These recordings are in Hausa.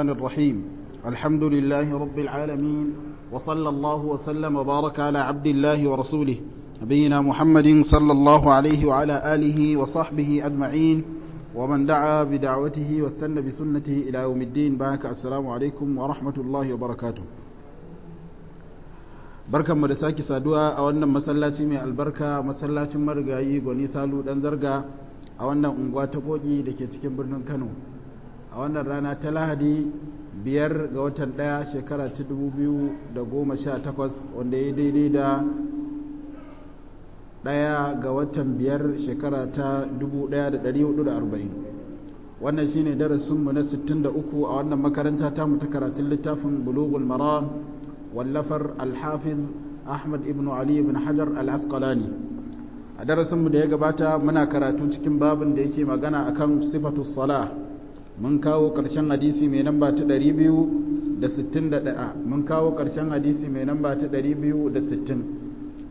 الرحمن الرحيم الحمد لله رب العالمين وصلى الله وسلم وبارك على عبد الله ورسوله نبينا محمد صلى الله عليه وعلى آله وصحبه أجمعين ومن دعا بدعوته واستنى بسنته إلى يوم الدين بارك السلام عليكم ورحمة الله وبركاته barkan mu da sake saduwa a wannan masallaci mai albarka masallacin marigayi gwani salu dan zarga a wannan unguwa ta koki da ke cikin birnin kano a wannan rana ta lahadi biyar ga watan daya shekara ta dubu biyu da goma sha takwas wanda ya daidai da daya ga watan biyar shekara ta dubu daya da dari hudu da arba'in wannan shine darasinmu na sittin da uku a wannan makaranta ta mutu karatun littafin bulugul mara wallafar alhafiz ahmad ibn ali ibn hajar al-asqalani a darasinmu da ya gabata muna karatu cikin babin da yake magana akan sifatu sala mun kawo ƙarshen hadisi mai namba ta 261 mun kawo ƙarshen hadisi mai namba ta 260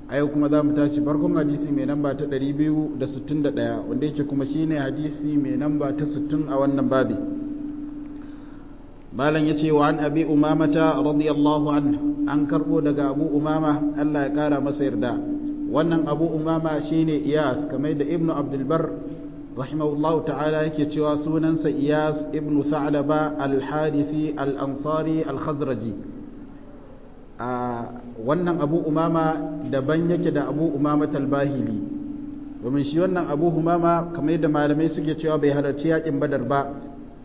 a yau kuma za mu tashi farkon hadisi mai namba ta 261 wanda yake kuma shine hadisi mai namba ta 60 a wannan babi malam ya ce wa an abi umamata radiyallahu an an karɓo daga abu umama Allah ya ƙara masa yarda wannan abu umama shine iyas kamar da ibnu abdulbar rahimahullah ta'ala yake cewa sunansa iyas ibn sa'laba al-hadithi al-ansari al-khazraji wannan abu umama daban yake da abu umama talbahili domin shi wannan abu umama kamar yadda malamai suke cewa bai halarci yakin badar ba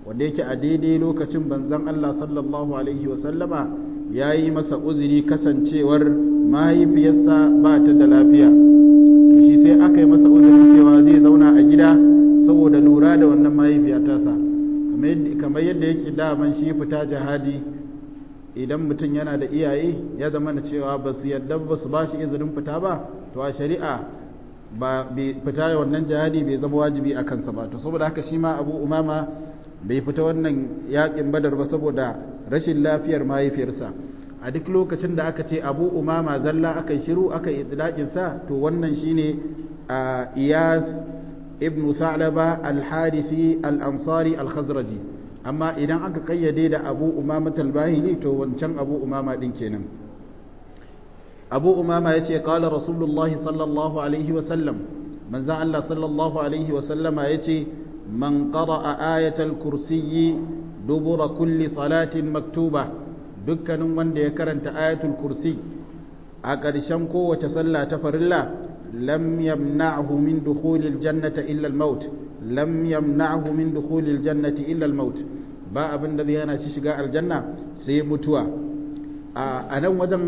wanda yake a daidai lokacin banzan allah sallallahu alaihi wasallama ya yi masa uzuri kasancewar mahaifiyarsa ba ta da lafiya shi sai aka yi masa uzuri cewa zai zauna a gida saboda lura da wannan mahaifiya tasa kamar yadda yake daman shi fita jihadi idan mutum yana da iyaye ya zama na cewa ba su yadda ba su ba shi izinin fita ba to a shari'a ba fita wannan jihadi bai zama wajibi a kansa ba to saboda haka shi ma abu umama bai fita wannan yakin badar ba saboda rashin lafiyar mahaifiyarsa a duk lokacin da aka ce abu umama zalla aka yi shiru aka yi to wannan shine a iyas ibn sa'laba al-harisi al-ansari al-khazraji amma idan aka kayyade da abu umama talbahili to wancan abu umama din kenan abu umama ya ce kala rasulullahi sallallahu alaihi wasallam manzan allah sallallahu alaihi wasallama ya ce man qara'a ayatal kursiyyi dubura kulli salatin maktuba dukkanin wanda ya karanta ayatul kursi a ƙarshen kowace sallah ta farilla lam yamna'hu min dukhulil jannati illa al-maut lam yamna'hu min dukhulil jannati illa al-maut ba abin da zai hana shi shiga aljanna sai mutuwa a nan wajen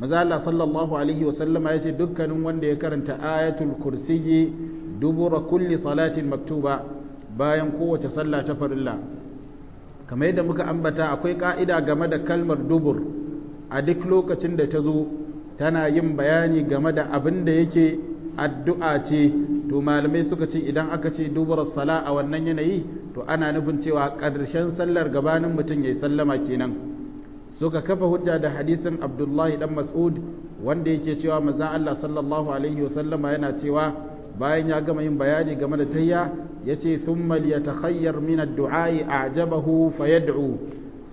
maza mazala sallallahu alaihi wa sallama yace dukkanin wanda ya karanta ayatul kursiyyi dubura kulli salatin maktuba bayan kowace sallah ta farilla kamar yadda muka ambata akwai ka'ida game da kalmar dubur a duk lokacin da ta zo tana yin bayani game da abin da yake addu'a ce to malamai suka ce idan aka ce dubur sala a wannan yanayi to ana nufin cewa ƙarshen sallar gabanin mutum ya yi sallama kenan suka kafa hujja da hadisin abdullahi dan mas'ud wanda yake cewa maza allah sallallahu alaihi wasallama yana cewa bayan ya gama yin bayani game da tayya yace thumma liyatakhayyar min ad-du'a'i a'jabahu fayad'u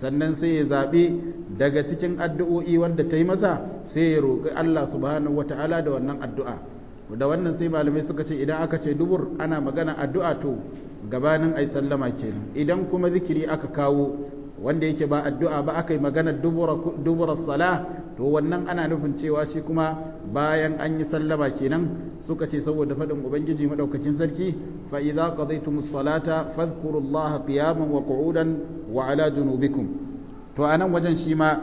sannan sai ya zabi daga cikin addu'o'i wanda ta yi masa sai ya roƙi Allah subhanahu wata'ala da wannan addu'a da wannan sai malamai suka ce idan aka ce dubur ana magana addu'a to gabanin ai sallama kenan idan kuma zikiri aka kawo wanda yake ba addu'a ba aka yi magana duburar sala to wannan ana nufin cewa shi kuma bayan an yi sallama kenan suka ce saboda faɗin ubangiji maɗaukacin sarki ka zai tumu salata fadhkurullaha qiyaman wa qu'udan wa ala to anan wajen shi ma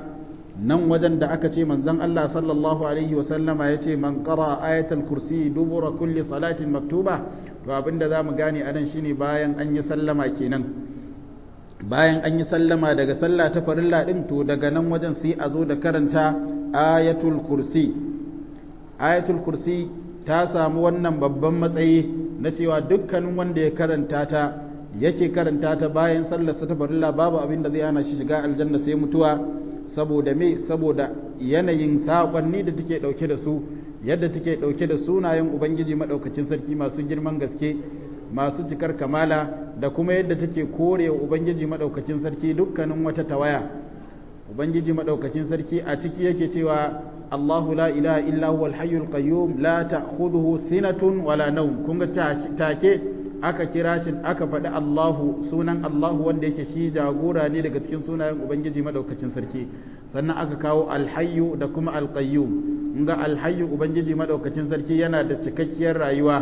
nan wajen da aka ce manzon Allah sallallahu alaihi wa sallama ce man qara ayatul kursi dubura kulli salatin maktuba to abinda zamu gane anan shine bayan an yi sallama kenan bayan an yi sallama daga sallah ta farilla din to daga nan wajen sai a zo da karanta ayatul kursi ayatul kursi ta samu wannan babban matsayi na cewa dukkanin wanda ya karanta ta yake karanta ta bayan sa ta farilla babu abin da zai hana shi shiga aljanna sai mutuwa saboda me saboda yanayin sakonni da take dauke da su yadda take dauke da sunayen ubangiji madaukakin sarki masu girman gaske masu cikar kamala da kuma yadda take kore wa ubangiji maɗaukacin sarki dukkanin wata tawaya ubangiji maɗaukacin sarki a ciki yake cewa Allahu la ilaha illa huwa al qayyum la ta'khudhuhu sinatun wala nawm kun ga take aka kira shi aka faɗi Allahu sunan Allahu wanda yake shi jagora ne daga cikin sunayen ubangiji maɗaukacin sarki sannan aka kawo alhayyu da kuma al-qayyum kun ga ubangiji maɗaukacin sarki yana da cikakkiyar rayuwa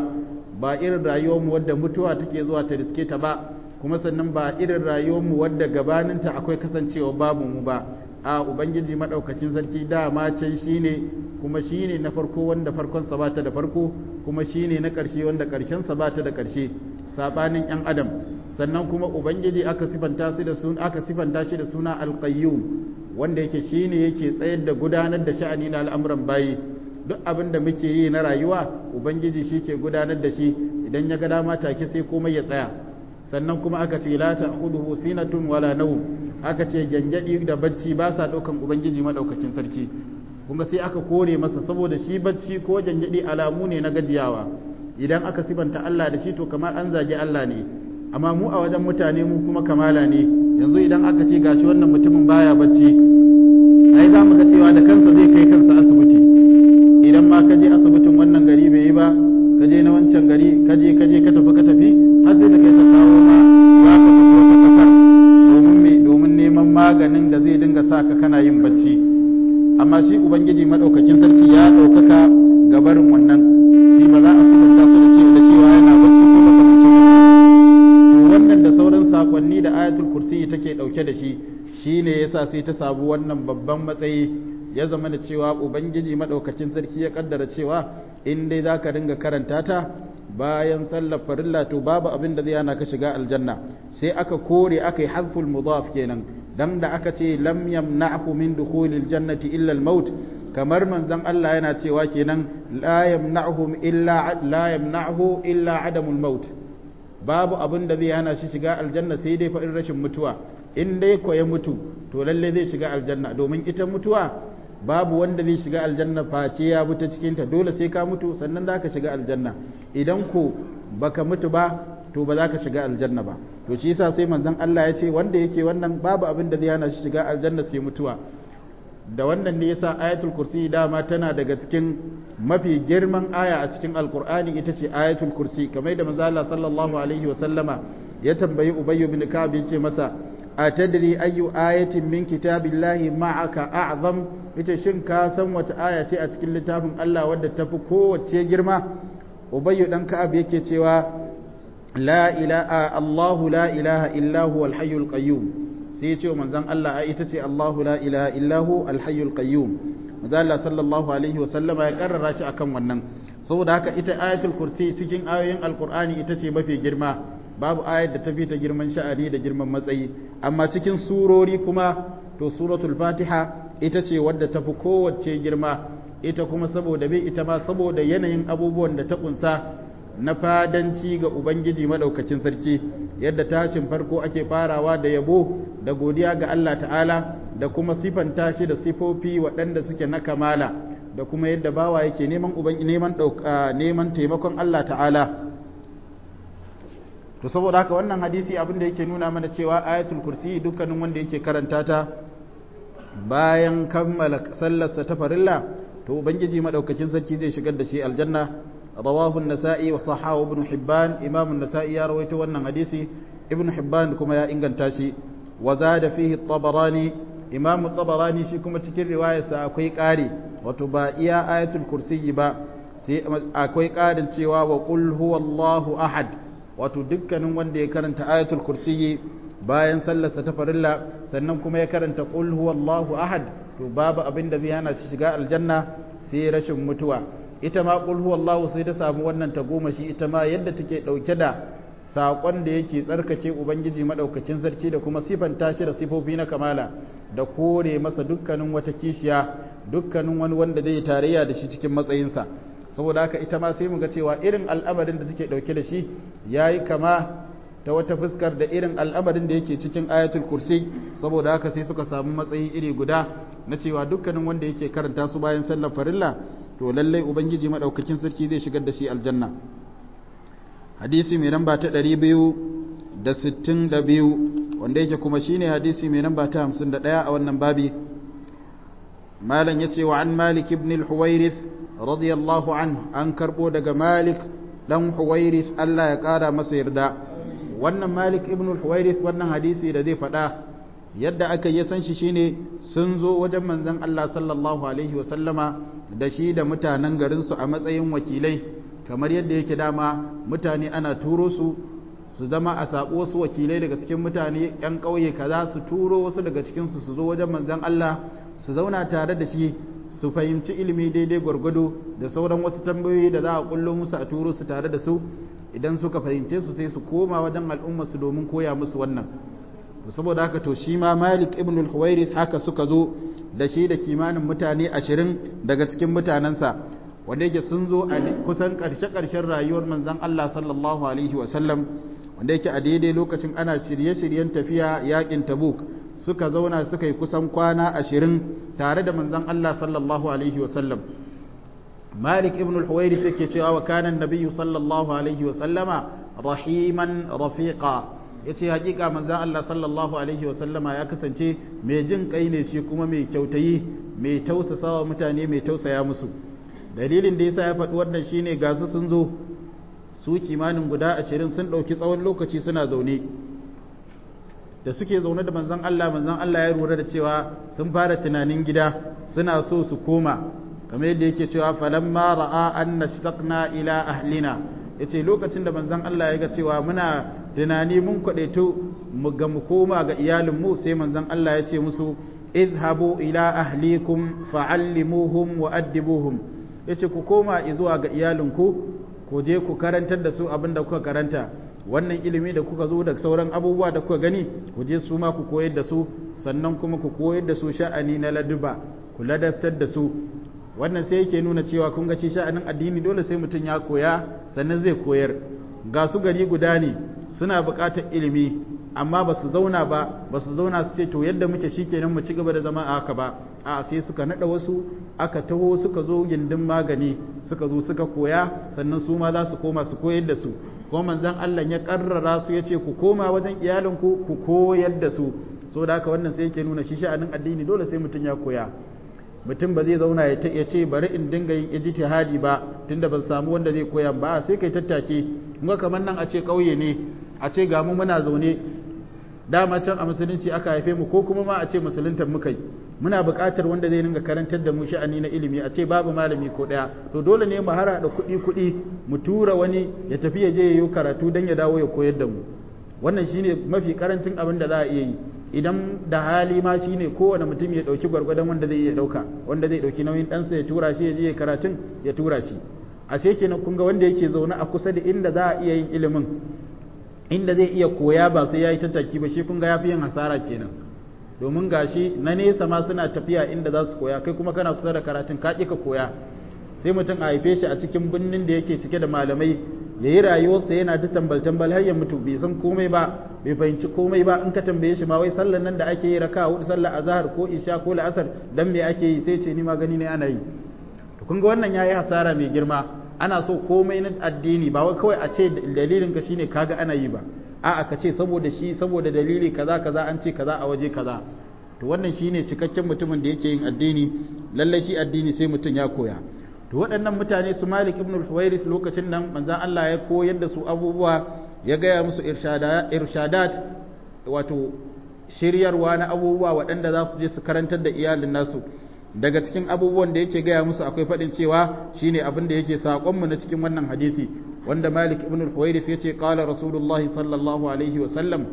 ba irin rayuwarmu wadda mutuwa take zuwa ta riske ta ba kuma sannan ba irin rayuwarmu wadda gabaninta akwai kasancewa babu mu ba a ubangiji maɗaukacin sarki dama can shine kuma shine na farko wanda farkon sa bata da farko kuma shine na ƙarshe wanda ƙarshen sa bata da ƙarshe sabanin yan adam sannan kuma ubangiji aka sifanta shi da suna aka sifanta shi da suna alqayyum wanda yake shine yake tsayar da gudanar da sha'ani na al'amuran bayi duk abin da muke yi na rayuwa ubangiji shi ke gudanar da shi idan ya ga dama ke sai komai ya tsaya sannan kuma aka ce la khuduhu sinatun wala nawm aka ce gyangyadi da bacci ba sa daukan ubangiji madaukakin sarki kuma sai aka kore masa saboda shi bacci ko gyangyadi alamu ne na gajiyawa idan aka sibanta Allah da shi to kamar an zage Allah ne amma mu a wajen mutane mu kuma kamala ne yanzu idan aka ce gashi wannan mutumin baya bacci ai za mu ga cewa da kansa zai kai kansa asibiti idan ma ka je asibitin wannan gari bai yi ba ka je na wancan gari ka je ka je ka tafi ka tafi har sai ta kai ta kawo ma za ka tafi wata kasar domin me domin neman maganin da zai dinga sa ka kana yin bacci amma shi ubangiji madaukakin sarki ya ɗaukaka gabarin wannan shi ba za a sabanta su da ce da cewa yana bacci ko ba kamar to wannan da sauran sakonni da ayatul kursi take dauke da shi shine yasa sai ta sabu wannan babban matsayi ya zama da cewa ubangiji maɗaukacin sarki ya ƙaddara cewa in dai za ka ringa karanta ta bayan sallar farilla to babu abin da zai hana ka shiga aljanna sai aka kore aka yi harful mudaf kenan dan da aka ce lam na'ahu min dukhulil jannati illa al-maut kamar manzon Allah yana cewa kenan la yamna'hu illa la yamna'hu illa adamul maut babu abin da zai hana shi shiga aljanna sai dai faɗin rashin mutuwa in dai ko ya mutu to lalle zai shiga aljanna domin ita mutuwa babu wanda zai shiga aljanna face ya bi ta cikinta dole sai ka mutu sannan za ka shiga aljanna idan ko baka mutu ba to ba za ka shiga aljanna ba to shi yasa sai manzon Allah ya ce wanda yake wannan babu abin da zai hana shi shiga aljanna sai mutuwa da wannan ne yasa ayatul kursi dama tana daga cikin mafi girman aya a cikin alkur'ani ita ce ayatul kursi kamar da manzo Allah sallallahu alaihi wa sallama ya tambayi ubayy bin ka'ab yace masa atadri ayu ayatin min kitabillahi ma'aka a'zam yace shin ka san wace aya ce a cikin littafin Allah wadda tafi kowace girma ubayyu dan ka'ab yake cewa la ilaha Allahu la ilaha illa huwa al-hayyul qayyum sai yace manzon Allah ai ita ce Allahu la ilaha illa huwa al-hayyul qayyum Allah sallallahu alaihi wa sallama ya karrara shi akan wannan saboda haka ita ayatul kursi cikin ayoyin alqur'ani ita ce mafi girma babu ayar da ta fi ta girman sha'ani da girman matsayi amma cikin surori kuma to suratul fatiha ita ce wadda ta fi kowace girma ita kuma saboda bai ita ma saboda yanayin abubuwan da ta kunsa na fadanci ga ubangiji maɗaukacin sarki yadda tashin farko ake farawa da yabo da godiya ga allah ta'ala da kuma ta shi da sifofi waɗanda suke na kamala da kuma yadda bawa yake neman neman neman taimakon allah ta'ala to saboda haka wannan hadisi abin da yake nuna mana cewa ayatul kursi dukkanin wanda yake karanta ta bayan kammala sallarsa ta farilla to ubangiji madaukakin sarki zai shigar da shi aljanna rawahu an-nasa'i wa sahahu ibn hibban imam an-nasa'i ya rawaito wannan hadisi ibn hibban kuma ya inganta shi wa zada fihi at-tabarani imam at-tabarani shi kuma cikin riwayarsa akwai ƙari wato ba iya ayatul kursiyyi ba sai akwai karin cewa wa qul huwallahu ahad wato dukkanin wanda ya karanta ayatul kursiyyi bayan sallarsa ta farilla sannan kuma ya karanta qul huwallahu ahad to babu abin da zai hana shiga aljanna sai rashin mutuwa ita ma qul huwallahu sai ta samu wannan ta goma shi ita ma yadda take dauke da sakon da yake tsarkake ubangiji maɗaukacin sarki da kuma sifan tashi da sifofi na kamala da kore masa dukkanin wata kishiya dukkanin wani wanda zai tarayya da shi cikin matsayinsa saboda haka ita ma sai mu ga cewa irin al'amarin da take ɗauke da shi ya yi kama ta wata fuskar da irin al'amarin da yake cikin ayatul kursi saboda haka sai suka samu matsayi iri guda na cewa dukkanin wanda yake karanta su bayan sallar farilla to lallai ubangiji madaukakin sarki zai shigar da shi aljanna hadisi mai namba ta 262 wanda yake kuma shine hadisi mai namba ta 51 a wannan babi malam yace wa an malik ibn al-huwairith radiyallahu anhu an karbo daga malik dan huwairith Allah ya kara masa yarda wannan malik ibn al-huwairith wannan hadisi da zai fada yadda aka yi san shi shine sun zo wajen manzon Allah sallallahu alaihi wa sallama da shi da mutanen garin su a matsayin wakilai kamar yadda yake dama mutane ana turo su su zama a sabo wasu wakilai daga cikin mutane yan kauye kaza su turo wasu daga cikin su su zo wajen manzon Allah su zauna tare da shi su fahimci ilimi daidai gwargwado da sauran wasu tambayoyi da za a kullo musu a turo su tare da su idan suka fahimce su sai su koma wajen al'umma su domin koya musu wannan saboda haka to shi ma Malik ibn al haka suka zo da shi da kimanin mutane 20 daga cikin mutanansa wanda yake sun zo a kusan karshe-karshen rayuwar manzon Allah sallallahu alaihi wa sallam wanda yake a daidai lokacin ana shirye-shiryen tafiya yakin Tabuk suka zauna suka yi kusan kwana 20 tare da manzon Allah sallallahu alaihi wa sallam malik ibn al-huwairi yake cewa النبي صلى الله عليه وسلم رحيما رفيقا yace hakika manza Allah sallallahu alaihi wa sallama ya kasance mai jin kai ne shi kuma mai kyautayi mai wa mutane mai tausaya musu dalilin da yasa ya faɗi wannan shine ga su sun zo su kimanin guda ashirin sun ɗauki tsawon lokaci suna zaune da suke zaune da manzan Allah manzan Allah ya rura da cewa sun fara tunanin gida suna so su koma kamar yadda yake cewa falamma ra'a anna shtaqna ila ahlina yace lokacin da manzon Allah ya ga cewa muna tunani mun kwadaito mu ga mu koma ga iyalin mu sai manzon Allah ya ce musu idhabu ila ahlikum fa'allimuhum wa addibuhum yace ku koma zuwa ga iyalin ku je ku karantar da su abin da kuka karanta wannan ilimi da kuka zo da sauran abubuwa da kuka gani ku je su ma ku koyar da su sannan kuma ku koyar da su sha'ani na laduba ku ladabtar da su wannan sai yake nuna cewa kun ga shi sha'anin addini dole sai mutum ya koya sannan zai koyar ga su gari guda ne suna buƙatar ilimi amma ba su zauna ba ba su zauna su ce to yadda muke shikenan mu ci gaba da zama a haka ba a sai suka naɗa wasu aka taho suka zo gindin magani suka zo suka koya sannan su ma za su koma su koyar da su ko manzon Allah ya karrara su ya ce ku koma wajen iyalinku ku koyar da su so haka wannan sai yake nuna shi sha'anin addini dole sai mutum ya koya mutum ba zai zauna ya ce bari in dinga yin ijiti hadi ba tunda ban samu wanda zai koya ba sai kai tattake kuma kamar nan a ce kauye ne a ce ga mu muna zaune dama can a musulunci aka haife mu ko kuma ma a ce musuluntar muka yi muna bukatar wanda zai dinga karantar da mu sha'ani na ilimi a ce babu malami ko ɗaya to dole ne mu harada kuɗi kuɗi mu tura wani ya tafi ya je ya yi karatu don ya dawo ya koyar da mu wannan shine mafi karancin abin da za a iya yi idan da hali ma shi ne kowane mutum ya dauki gwargwadon wanda zai iya dauka wanda zai dauki nauyin ɗansa ya tura shi ya je karatun ya tura shi a sheke na kunga wanda yake zaune a kusa da inda za a iya yin ilimin inda zai iya koya ba sai ya yi tattaki ba shi kunga ya fi yin hasara kenan domin gashi na nesa ma suna tafiya inda za su koya kai kuma kana kusa da karatun ka ka koya sai mutum a haife shi a cikin birnin da yake cike da malamai ya yi rayuwarsa yana ta tambal-tambal har ya mutu bai san komai ba bai fahimci komai ba in ka tambaye shi ma wai sallan nan da ake yi raka hudu sallar azahar ko isha ko la'asar dan me ake yi sai ce ni ma gani ne ana yi to kun ga wannan yayi hasara mai girma ana so komai na addini ba wai kawai a ce dalilin ka shine kaga ana yi ba a'a ka ce saboda shi saboda dalili kaza kaza an ce kaza a waje kaza to wannan shine cikakken mutumin da yake yin addini lallai shi addini sai mutum ya koya to waɗannan mutane su malik ibn al-huwairis lokacin nan manzan Allah ya koyar da su abubuwa ya gaya musu irshadat wato shiryarwa na abubuwa waɗanda za su je su karantar da iyalin nasu daga cikin abubuwan da yake gaya musu akwai faɗin cewa shine abin da yake saƙonmu na cikin wannan hadisi wanda malik ibn al-huwairis ya ce ƙala rasulullahi sallallahu alaihi wa sallam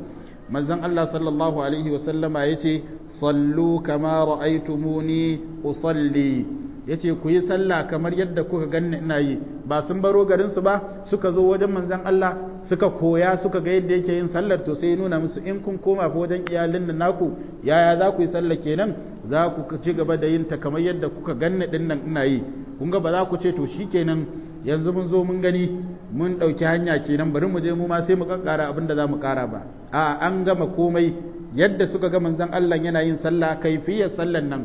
manzan Allah sallallahu alaihi wa sallama ya ce sallu kama ra'aytumuni usalli ya ce ku yi sallah kamar yadda kuka ganni ina yi ba sun baro garin su ba suka zo wajen manzon Allah suka koya suka ga yadda yake yin sallar to sai nuna musu in kun koma fa wajen iyalin nan naku yaya za ku yi sallah kenan za ku ci gaba da yin ta kamar yadda kuka ganni din nan ina yi kun ga ba za ku ce to shi kenan yanzu mun zo mun gani mun ɗauki hanya kenan bari mu je mu ma sai mu kankara abin da za mu kara ba a an gama komai yadda suka ga manzon Allah yana yin sallah kaifiyar sallan nan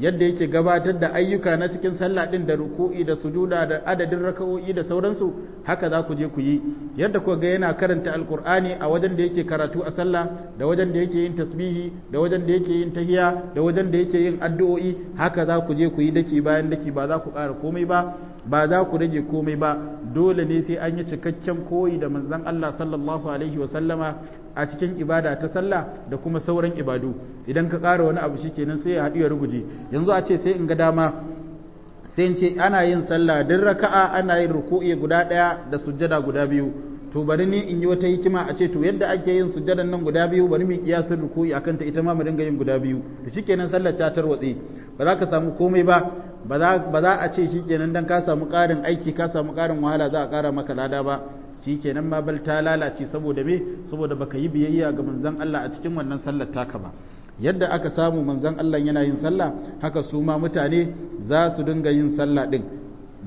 yadda yake gabatar da ayyuka na cikin sallah din da ruku'i da sujuda da adadin raka'o'i da sauransu haka za ku je ku yi yadda ku ga yana karanta alkur'ani a wajen da yake karatu a sallah da wajen da yake yin tasbihi da wajen da yake yin tahiya da wajen da yake yin addu'o'i haka za ku je ku yi daki bayan daki ba za ku ƙara komai ba ba za ku rage komai ba dole ne sai an yi cikakken koyi da manzon Allah sallallahu alaihi wa sallama a cikin ibada ta sallah da kuma sauran ibadu idan ka ƙara wani abu shikenan sai ya haɗu ya ruguje yanzu a ce sai in ga dama sai in ce ana yin sallah duk raka'a ana yin ruku'i guda ɗaya da sujjada guda biyu to bari ni in yi wata hikima a ce to yadda ake yin sujjadan nan guda biyu bari mu kiyasin ruku'i akan ta ita ma mu dinga yin guda biyu to shikenan sallar ta tarwatse ba za ka samu komai ba ba za a ce shikenan dan ka samu ƙarin aiki ka samu ƙarin wahala za a ƙara maka lada ba shikenan ma bal ta lalace saboda me saboda baka yi biyayya ga manzon Allah a cikin wannan sallar taka ba yadda aka samu manzon Allah yana yin sallah haka su ma mutane za su dinga yin sallah din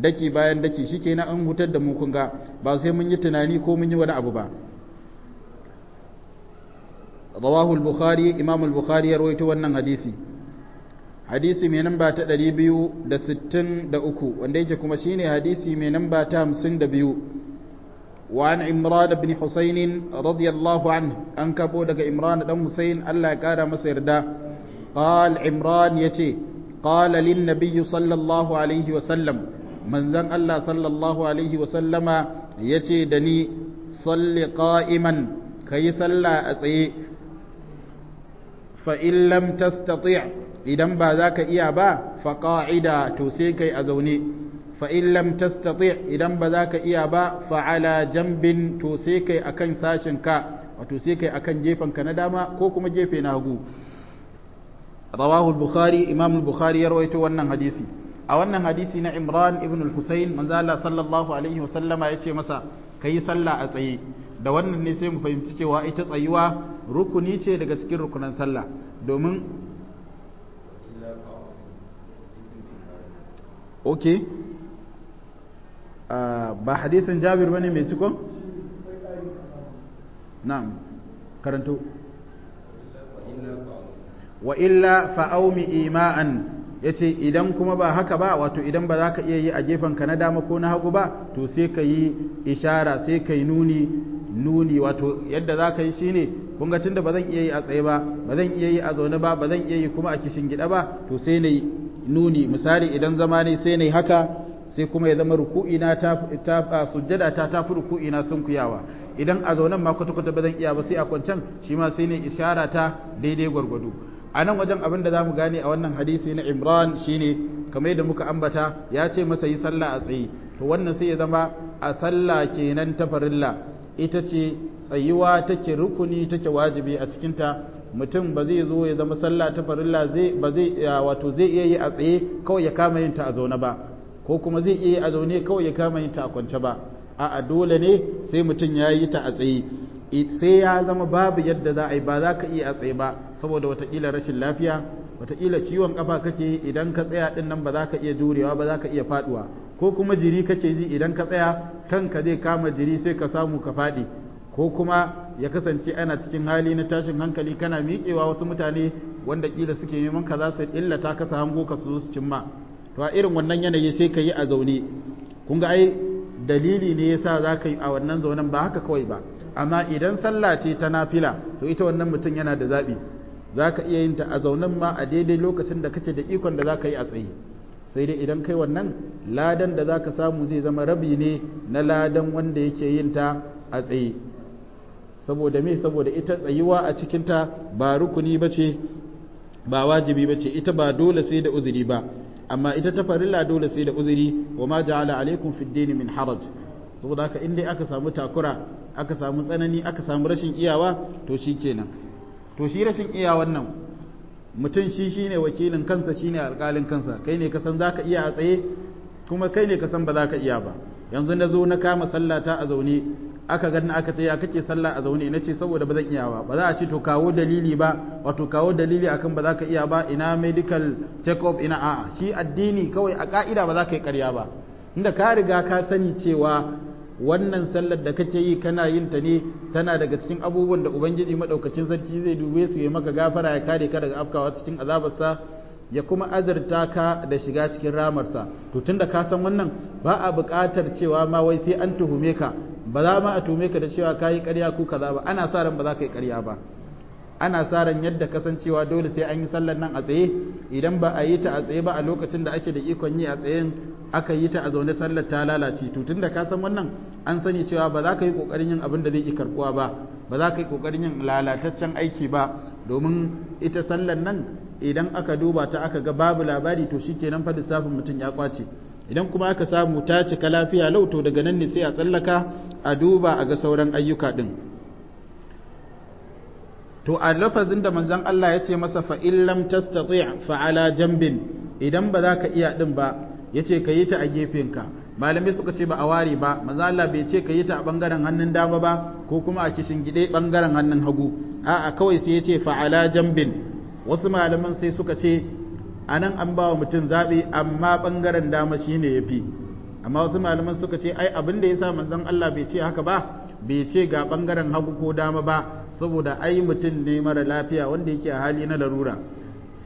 daki bayan daki shikenan an hutar da mu kun ga ba sai mun yi tunani ko mun yi wani abu ba rawahu al-bukhari imam al wannan hadisi hadisi mai namba ta 263 wanda yake kuma shine hadisi mai namba ta 52 وعن عمران بن حسين رضي الله عنه أن كبودك عمران بن حسين ألا كان مسير دا قال عمران يتي قال للنبي صلى الله عليه وسلم من زن الله صلى الله عليه وسلم يتي دني صل قائما كي صلى أتي فإن لم تستطيع إذا با ذاك إيابا فقاعدا توسيكي أزوني fa'in lam tastati idan ba za ka iya ba fa'ala jambin to sai kai akan sashin ka wato sai kai akan gefenka na dama ko kuma jefe na hagu rawahu bukhari imam bukhari ya rawaito wannan hadisi a wannan hadisi na imran ibn al-husayn manzo Allah sallallahu alaihi wasallama yace masa kai sallah a tsaye da wannan ne sai mu fahimci cewa ita tsayuwa rukuni ce daga cikin rukunan sallah domin okay Ah, ba hadisin jabir bane mai cikon na'am karanto wa illa fa'aumi ima'an ya ce idan kuma ba haka ba wato idan ba za ka iya yi a gefen ka na dama ko na hagu ba to sai ka yi ishara sai ka yi nuni nuni wato yadda za ka yi shine kun ga tunda ba zan iya yi a tsaye ba ba zan iya yi a zaune ba ba zan iya yi kuma a kishin gida ba to sai na nuni misali idan zama ne sai na haka sai kuma ya zama ruku'ina ta ta sujjada ta tafi ruku'ina sunkuyawa idan a zaunan ma kwata kwata ba zan iya ba sai a kwancan shi ma sai ne ishara ta daidai gwargwado a nan wajen abin da za mu gane a wannan hadisi na imran shine kamar yadda muka ambata ya ce masa yi sallah a tsaye to wannan sai ya zama a sallah kenan ta farilla ita ce tsayuwa take rukuni take wajibi a cikinta mutum ba zai zo ya zama sallah ta farilla zai ba zai wato zai iya yi a tsaye kawai ya kama yin ta a zaune ba ko kuma zai iya a zaune kawai ya kama yin ta a kwance ba a'a dole ne sai mutum ya yi ta a tsaye sai ya zama babu yadda za a yi ba za ka iya a tsaye ba saboda watakila rashin lafiya watakila ciwon kafa kake idan ka tsaya din nan ba za ka iya jurewa ba za ka iya faduwa ko kuma jiri kake ji idan ka tsaya kan ka zai kama jiri sai ka samu ka faɗi ko kuma ya kasance ana cikin hali na tashin hankali kana miƙewa wasu mutane wanda kila suke neman ka za su illata ka su hango ka su cimma to a irin wannan yanayi sai ka yi a zaune kun ga ai dalili ne yasa za ka yi a wannan zaunen ba haka kawai ba amma idan sallah ce ta nafila to ita wannan mutum yana da zaɓi za ka iya yin ta a zaunen ma a daidai lokacin da kake da ikon da za ka yi a tsaye sai dai idan kai wannan ladan da za ka samu zai zama rabi ne na ladan wanda yake yin ta a tsaye saboda me saboda ita tsayuwa a cikin ta ba rukuni ba ce ba wajibi ba ce ita ba dole sai da uzuri ba amma ita ta farilla dole sai da uzuri wa ma ja'ala alaikum fid dini min haraj saboda haka in dai aka samu takura aka samu tsanani aka samu rashin iyawa to shikenan to shi rashin iyawan nan mutum shi shine wakilin kansa shine alƙalin kansa kai ne ka san zaka iya a tsaye kuma kai ne ka san ba zaka iya ba yanzu na zo na kama sallata a zaune aka ganna aka ce ya kake sallah a zaune ce saboda ba zan iya ba ba za a ce to kawo dalili ba wato kawo dalili akan ba za ka iya ba ina medical check up ina a'a shi addini kawai a ka'ida ba za ka yi ƙarya ba inda ka riga ka sani cewa wannan sallar da kake yi kana yin ta ne tana daga cikin abubuwan da ubangiji madaukakin sarki zai dube su ya maka gafara ya kare ka daga afkawa cikin azabarsa ya kuma azurta ka da shiga cikin ramarsa to tunda ka san wannan ba a buƙatar cewa ma wai sai an tuhume ka ba za ma a tume ka da cewa kayi ƙarya ko kaza ba ana sa ran ba za ka yi ƙarya ba ana sa ran yadda kasancewa dole sai an yi sallar nan a tsaye idan ba a yi ta a tsaye ba a lokacin da ake da ikon yi a tsaye aka yi ta a zaune sallar ta lalace to tunda ka san wannan an sani cewa ba za ka yi kokarin yin abin da zai yi karbuwa ba ba za ka yi kokarin yin lalataccen aiki ba domin ita sallar nan idan aka duba ta aka ga babu labari to shikenan fa lissafin mutum ya kwace idan kuma aka samu ta cika lafiya lauto daga nan ne sai a tsallaka a duba a ga sauran ayyuka din to a lafazin da manzon Allah ya ce masa fa illam tastati' fa ala jambin idan ba za ka iya din ba yace ka yi ta a gefenka malamai suka ce ba a ware ba manzon Allah bai ce ka yi ta a bangaren hannun dama ba ko kuma a kishin gide bangaren hannun hagu a'a kawai sai yace fa ala jambin wasu malaman sai suka ce a nan an ba wa mutum zaɓi amma ɓangaren dama shi ne ya fi amma wasu malaman suka ce ai abin da ya sa manzon Allah bai ce haka ba bai ce ga ɓangaren hagu ko dama ba saboda ai mutum ne mara lafiya wanda yake a hali na larura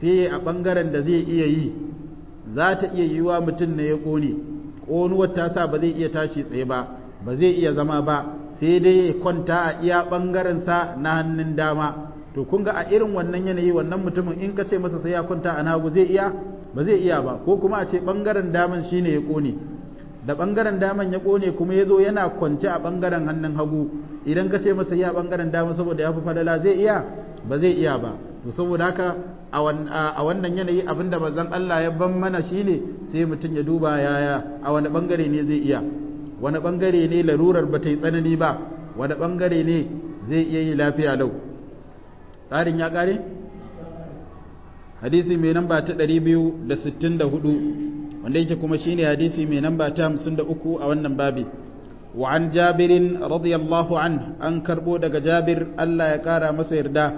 sai a ɓangaren da zai iya yi za ta iya yiwuwa mutum na ya ƙone ƙonuwar ta sa ba zai iya tashi tsaye ba ba zai iya zama ba sai dai ya kwanta a iya ɓangaren sa na hannun dama to kun ga a irin wannan yanayi wannan mutumin in ka ce masa sai ya kunta a nagu zai iya ba zai iya ba ko kuma a ce bangaren daman shine ya kone da bangaren daman ya kone kuma ya zo yana kwance a bangaren hannun hagu idan ka ce masa ya bangaren daman saboda ya fi fadala zai iya ba zai iya ba to saboda haka a wannan yanayi abinda manzon Allah ya ban mana shine sai mutum ya duba yaya a wani bangare ne zai iya wani bangare ne larurar ba ta yi tsanani ba wani bangare ne zai iya yi lafiya lau ƙarin ya ƙare hadisi mai namba ta 264 wanda yake kuma shine hadisi mai namba ta 53 a wannan babi wa an jabirin radiyallahu an an karbo daga jabir Allah ya kara masa yarda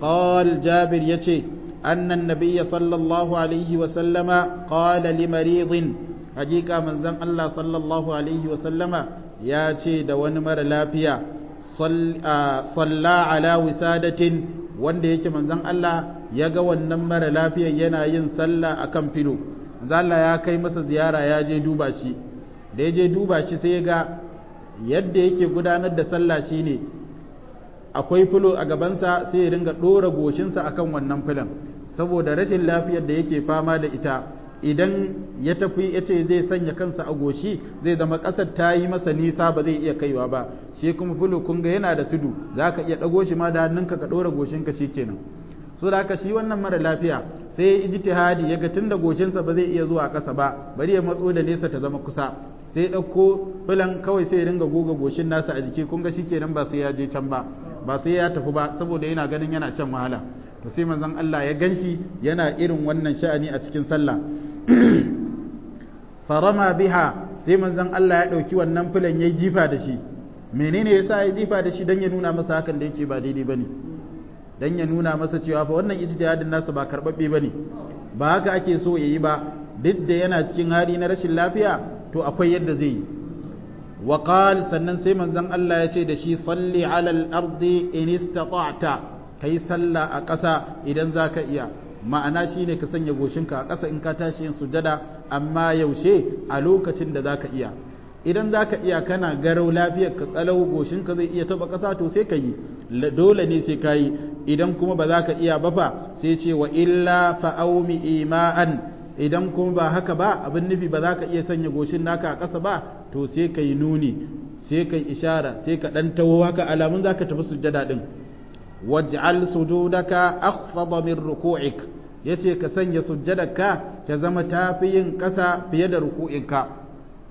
qal jabir ya yace annan nabiyya sallallahu alaihi wa sallama qala li maridin hakika manzon Allah sallallahu alaihi wa sallama ya ce da wani mara lafiya salla ala wisadatin wanda yake manzon Allah ya ga wannan mara lafiyar yana yin sallah akan filo zalla ya kai masa ziyara ya je duba shi da ya je duba shi sai ga yadda yake gudanar da sallah shine akwai filo a gabansa sai ya ringa ɗora goshinsa akan wannan filon saboda rashin lafiyar da yake fama da ita idan ya tafi ya ce zai sanya kansa a goshi zai zama ƙasar ta yi masa nisa ba zai iya kaiwa ba shi kuma fulu kun ga yana da tudu za ka iya ɗago shi ma da hannunka ka ɗora goshinka shi kenan so da aka shi wannan mara lafiya sai ya iji tihadi ya ga tun da goshinsa ba zai iya zuwa ƙasa ba bari ya matso da nesa ta zama kusa sai ya ɗauko filan kawai sai ya dinga goga goshin nasa a jiki kun ga shi kenan ba sai ya je can ba ba sai ya tafi ba saboda yana ganin yana shan wahala to sai manzon Allah ya ganshi yana irin wannan sha'ani a cikin sallah farama biha sai manzon Allah ya dauki wannan filan yayi jifa da shi menene yasa ya jifa da shi dan ya nuna masa hakan da yake ba daidai bane dan ya nuna masa cewa fa wannan ijtihadin nasa ba karbabbe bane ba haka ake so yayi ba duk da yana cikin hali na rashin lafiya to akwai yadda zai yi wa qal sannan sai manzon Allah ya ce da shi salli alal ardi in istata'ta ka yi sallah a ƙasa idan za ka iya ma'ana shi ne ka sanya goshinka a ƙasa in ka tashi yin sujada amma yaushe a lokacin da za ka iya idan za ka iya kana garau lafiyar ka ƙalau goshinka zai iya taɓa ƙasa to sai ka yi dole ne sai ka yi idan kuma ba za ka iya ba fa sai ce wa illa fa'aumi ima'an idan kuma ba haka ba abin nufi ba za ka iya sanya goshin naka a ƙasa ba to sai ka yi nuni sai ka yi ishara sai ka ɗan tawo haka alamun za ka tafi sujjada ɗin waj'al sujudaka akhfada min ruku'ik yace ka sanya sujjadarka ta zama tafiyin yin kasa fiye da ruku'inka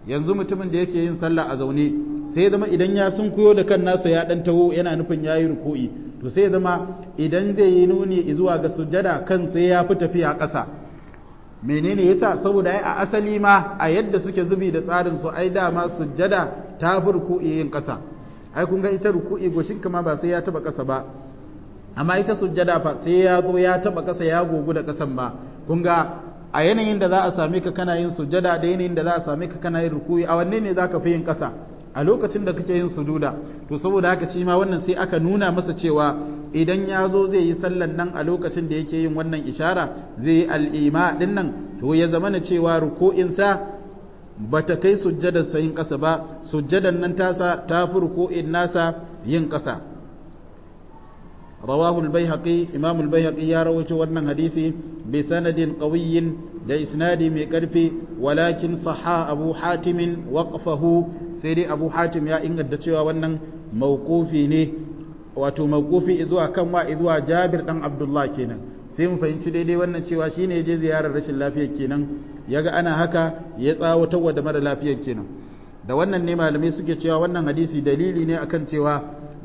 yanzu mutumin da yake yin sallah a zaune sai zama idan ya sunkuyo da kan nasa ya dan taho yana nufin yayi ruku'i to sai zama idan zai yi nuni zuwa ga sujjada kan sai ya fi tafiya kasa menene yasa saboda ai a asali ma a yadda suke zubi da tsarin su ai dama sujjada ta fi ruku'i yin kasa ai kun ga ita ruku'i goshin kama ba sai ya taba kasa ba amma ita sujjada fa sai ya zo ya taba kasa ya gogu da kasan ba kun ga a yanayin da za a same ka kana yin sujjada da yanayin da za a same ka kana yin rukuyi a wanne ne zaka fi yin kasa a lokacin da kake yin sujuda to saboda haka shi ma wannan sai aka nuna masa cewa idan ya zo zai yi sallan nan a lokacin da yake yin wannan ishara zai yi al'ima din nan to ya zama na cewa ruku'insa ba ta kai sujjadar sa yin kasa ba sujjadar nan tasa ta fi ruku'in nasa yin kasa rawahu al-baihaqi imam ya rawaito wannan hadisi mai sanadin qawiyyin da isnadi mai karfi walakin sahha abu hatim sai dai abu hatim ya inganta cewa wannan ne wato mawqufi zuwa kan wa zuwa jabir dan abdullah kenan sai mu fahimci daidai wannan cewa shine je ziyarar rashin lafiyar kenan yaga ana haka ya tsawatar da mara lafiyar kenan da wannan ne malamai suke cewa wannan hadisi dalili ne akan cewa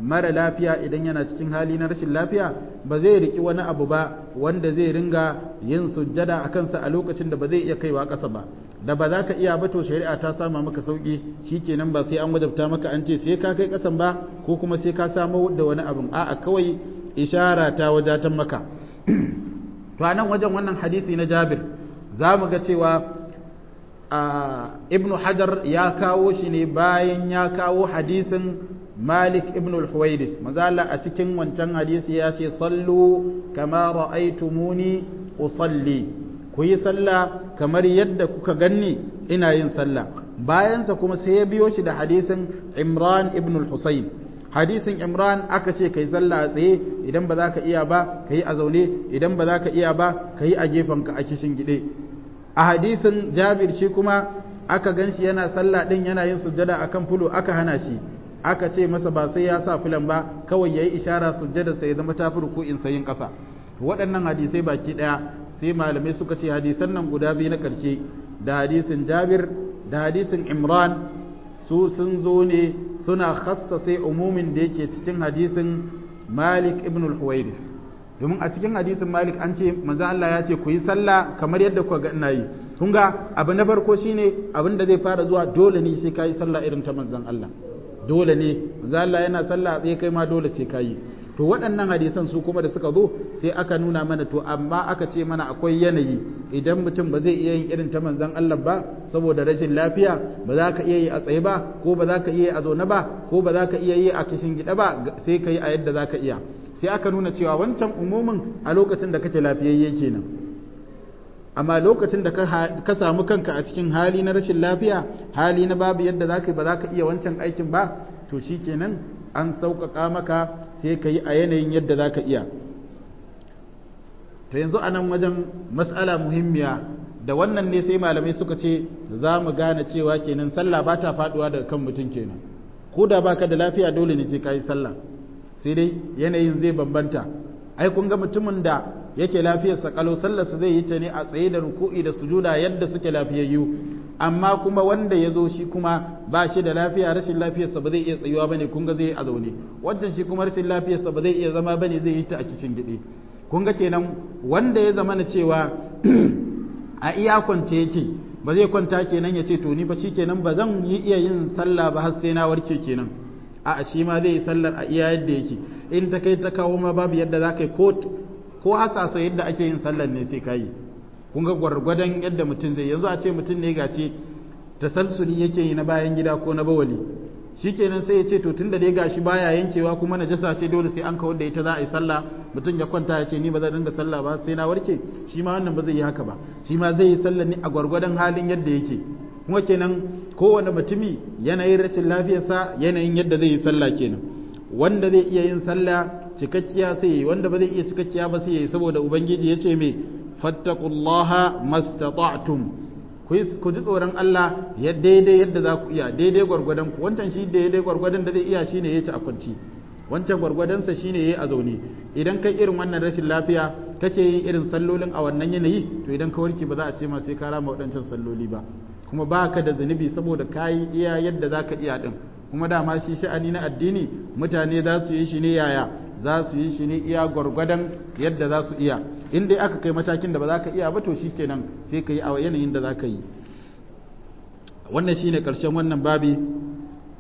mara lafiya idan yana cikin hali na rashin lafiya ba zai riki wani abu ba wanda zai ringa yin sujjada a kansa a lokacin da ba zai iya kaiwa ƙasa ba da ba za ka iya ba to shari'a ta sama maka sauki kenan ba sai an wajabta maka an ce sai ka kai ƙasan ba ko kuma sai ka samo da wani abin a'a kawai ishara ta wajatan maka to nan wajen wannan hadisi na Jabir za mu ga cewa ibnu hajar ya kawo shi ne bayan ya kawo hadisin Malik ibn al-Huwaidis manzala a cikin wancan hadisi ya ce sallu kama ra'aytumuni usalli kuyi sallah kamar yadda kuka ganni ina yin sallah bayansa kuma sai ya biyo shi da hadisin Imran ibn al-Husayn hadisin Imran aka ce kai sallah tsaye idan ba ka iya ba ka yi idan baza ka iya ba kayi yi a ka a kishin gide a hadisin Jabir shi kuma aka gan shi yana sallah din yana yin sujjada akan fulo aka hana shi aka ce masa ba sai ya sa filan ba kawai yayi ishara sujjada sai ya zama tafi yin sayin kasa waɗannan hadisai baki ɗaya sai malamai suka ce hadisan nan guda biyu na ƙarshe da hadisin Jabir da hadisin Imran su sun zo ne suna sai umumin da yake cikin hadisin Malik ibn al domin a cikin hadisin Malik an ce manzo Allah ya ce ku yi sallah kamar yadda ku ga ina yi kun ga abu na farko shine abin da zai fara zuwa dole ne sai ka yi sallah irin ta manzon Allah dole ne manzo yana sallah sai kai ma dole sai kayi to waɗannan hadisan su kuma da suka zo sai aka nuna mana to amma aka ce mana akwai yanayi idan mutum ba zai iya yin irin ta manzon Allah ba saboda rashin lafiya ba za ka iya yi a tsaye ba ko ba za ka iya yi a zaune ba ko ba za ka iya yi a kishin gida ba sai ka yi a yadda za ka iya sai aka nuna cewa wancan umumin a lokacin da kake lafiyayye kenan amma lokacin da ka samu kanka a cikin hali na rashin lafiya hali na babu yadda za ka ba za ka iya wancan aikin ba to shi kenan an sauƙaƙa maka sai ka yi a yanayin yadda za ka iya ta yanzu a nan wajen matsala muhimmiya da wannan ne sai malamai suka ce za mu gane cewa kenan sallah ba ta faɗuwa daga kan mutum kenan ko da baka da lafiya dole ne sai ka yi sallah sai dai yanayin zai bambanta ai kun ga mutumin da yake lafiyarsa kalo sallarsa zai yi ta ne a tsaye da ruku'i da sujuda yadda suke lafiyayyu amma kuma wanda ya zo shi kuma ba shi da lafiya rashin lafiyarsa ba zai iya tsayuwa bane kun ga zai yi a zaune wajen shi kuma rashin lafiyarsa ba zai iya zama bane zai yi ta a kishin gidi kun ga kenan wanda ya zama na cewa a iya kwance yake ba zai kwanta kenan ya ce to ni ba shi kenan ba zan yi iya yin sallah ba har sai na warke kenan a'a shi ma zai yi sallar a iya yadda yake in ta kai ta kawo ma babu yadda za ka yi ko asasa yadda ake yin sallar ne sai ka yi kun ga gwargwadon yadda mutum zai yanzu a ce mutum ne gashi tasalsuli yake yi na bayan gida ko na bawali shikenan sai ya ce to tun da dai gashi baya yankewa kuma najasa ce dole sai an kawo da ita za a yi sallah mutum ya kwanta ya ce ni ba zan dinga sallah ba sai na warke shi ma wannan ba zai yi haka ba shi ma zai yi sallah ne a gwargwadon halin yadda yake kuma kenan kowane mutumi yanayin rashin lafiyarsa yanayin yadda zai yi sallah kenan wanda zai iya yin sallah cikakkiya sai yi wanda ba zai iya cikakkiya ba sai saboda ubangiji yace ce me fattaqullaha mastata'tum ku ji tsoron Allah ya daidai yadda za ku iya daidai gwargwadon ku wancan shi daidai gwargwadon da zai iya shine ya ci a kwance wancan gwargwadon sa shine yayi a zaune idan kai irin wannan rashin lafiya kake yin irin sallolin a wannan yanayi to idan ka warke ba za a ce ma sai ka rama waɗancan salloli ba kuma baka da zunubi saboda kayi iya yadda zaka iya din kuma dama shi sha'ani na addini mutane za su yi shi ne yaya za su yi shi ne iya gwargwadon yadda za su iya in dai aka kai matakin da ba za ka iya ba to shi shikenan sai ka yi a yanayin da za ka yi wannan shi ne karshen wannan babi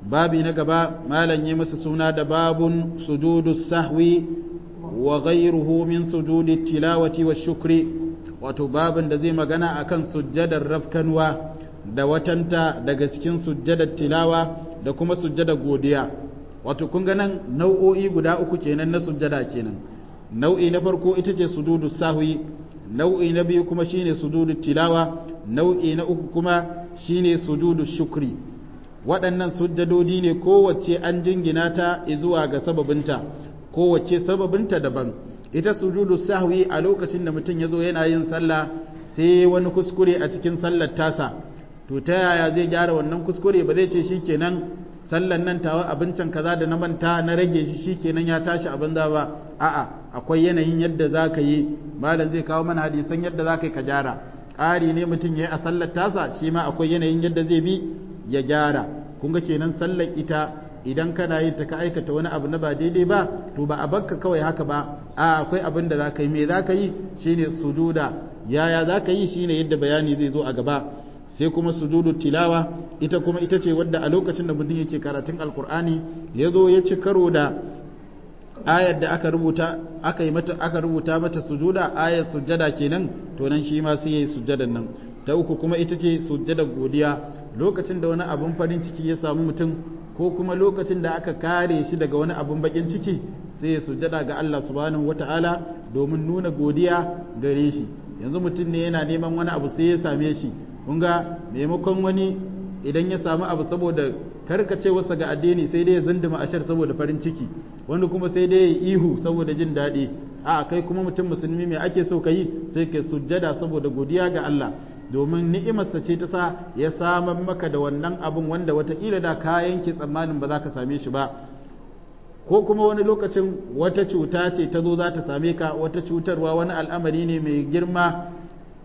babi na gaba malam yi masa suna da babun sujudu sahwi wa ghayruhu min sujudi tilawati wa shukri wato babin da zai magana akan sujjadar rafkanwa da watanta daga cikin sujjadar tilawa da kuma sujjada godiya wato kun ga nan nau'o'i guda uku kenan na sujjada kenan nau'i na farko ita ce sududu sahwi nau'i na biyu kuma shine sududu tilawa nau'i na uku kuma shine sududu shukri waɗannan sujjadodi ne kowace an jingina ta zuwa ga sababinta kowace sababinta daban ita sujudu sahwi a lokacin da mutum ya zo yana yin sallah sai wani kuskure a cikin sallar tasa to ta yaya zai gyara wannan kuskure ba zai ce kenan sallan nan tawa abincin kaza da na manta na rage shi shikenan ya tashi abin za ba a'a akwai yanayin yadda za ka yi malam zai kawo mana hadisan yadda za ka yi ka gyara ƙari ne mutum ya yi a sallar tasa shi ma akwai yanayin yadda zai bi ya gyara kun ga kenan sallar ita idan kana yin ta ka aikata wani abu na ba daidai ba to ba a bakka kawai haka ba a akwai abin da za ka yi me za ka yi shine sujuda yaya za ka yi shine yadda bayani zai zo a gaba sai kuma sujudu tilawa ita kuma ita ce wadda a lokacin da mutum yake karatun alkur'ani ya zo ya ci karo da ayar da aka rubuta aka yi mata aka rubuta mata sujuda ayar sujjada kenan to nan shi ma sai yayi sujjadan nan ta uku kuma ita ce sujjada godiya lokacin da wani abun farin ciki ya samu mutum ko kuma lokacin da aka kare shi daga wani abun bakin ciki sai ya sujjada ga Allah subhanahu wataala domin nuna godiya gare shi yanzu mutum ne yana neman wani abu sai ya same shi kun ga maimakon wani idan ya samu abu saboda karkace wasa ga addini sai dai ya zindima ashar saboda farin ciki wani kuma sai dai ya ihu saboda jin daɗi a kai kuma mutum musulmi mai ake so ka yi sai ka sujjada saboda godiya ga Allah domin ni'imarsa ce ta sa ya samar maka da wannan abun wanda wataƙila da ka yanke tsammanin ba za ka same shi ba ko kuma wani lokacin wata cuta ce ta zo za ta same ka wata cutarwa wani al'amari ne mai girma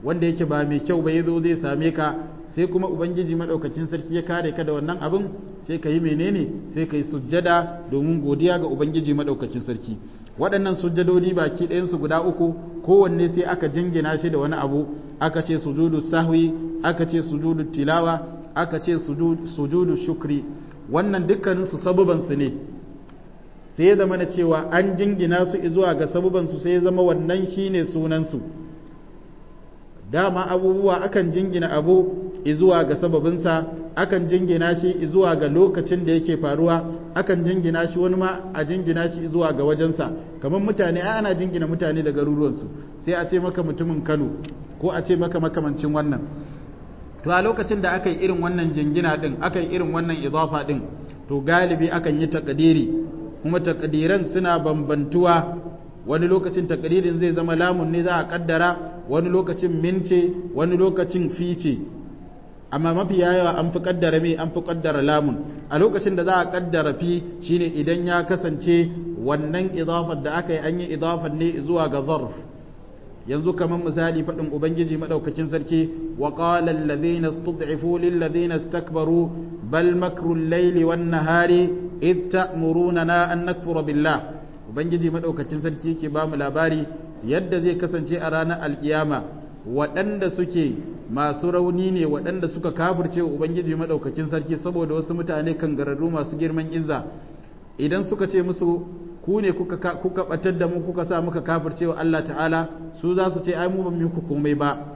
wanda yake ba mai kyau ba ya zo zai same ka sai kuma ubangiji madaukakin sarki ya kare ka da wannan abin sai ka yi menene sai ka yi sujjada domin godiya ga ubangiji madaukakin sarki waɗannan sujjadodi baki ɗayansu guda uku kowanne sai aka jingina shi da wani abu aka ce sujudu sahwi aka ce sujudu tilawa aka ce sujudu shukri wannan dukkaninsu sabubansu ne sai ya zama na cewa an jingina su zuwa ga sabubansu sai ya zama wannan shine sunansu dama abubuwa akan jingina abu izuwa ga sababinsa akan jingina shi izuwa ga lokacin da yake faruwa akan jingina shi wani ma a jingina shi izuwa ga wajensa kamar mutane ai ana jingina mutane da garuruwansu sai a ce maka mutumin Kano ko a ce maka makamancin wannan to a lokacin da aka yi irin wannan jingina din aka yi irin wannan idafa din to galibi akan yi takadiri kuma takadiran suna bambantuwa wani lokacin takririn zai zama lamun ne za a kaddara wani lokacin mince wani lokacin fice amma mafi yawa an fi kaddara me an fi kaddara lamun a lokacin da za a kaddara fi shine idan ya kasance wannan idafar da aka yi an yi idafar ne zuwa ga zarf yanzu kamar misali faɗin ubangiji maɗaukakin sarki wa qala alladhina istud'ifu lil ladhina istakbaru bal makru al-layli wan nahari ta'muruna an nakfura billah ubangiji maɗaukacin sarki yake ba mu labari yadda zai kasance a ranar alkiyama waɗanda suke masu rauni ne waɗanda suka kafirce wa ubangiji maɗaukacin sarki saboda wasu mutane kan gararru masu girman izza idan suka ce musu ku ne kuka ɓatar da mu kuka sa muka kafirce Allah ta'ala su za su ce ai mu ba mu komai ba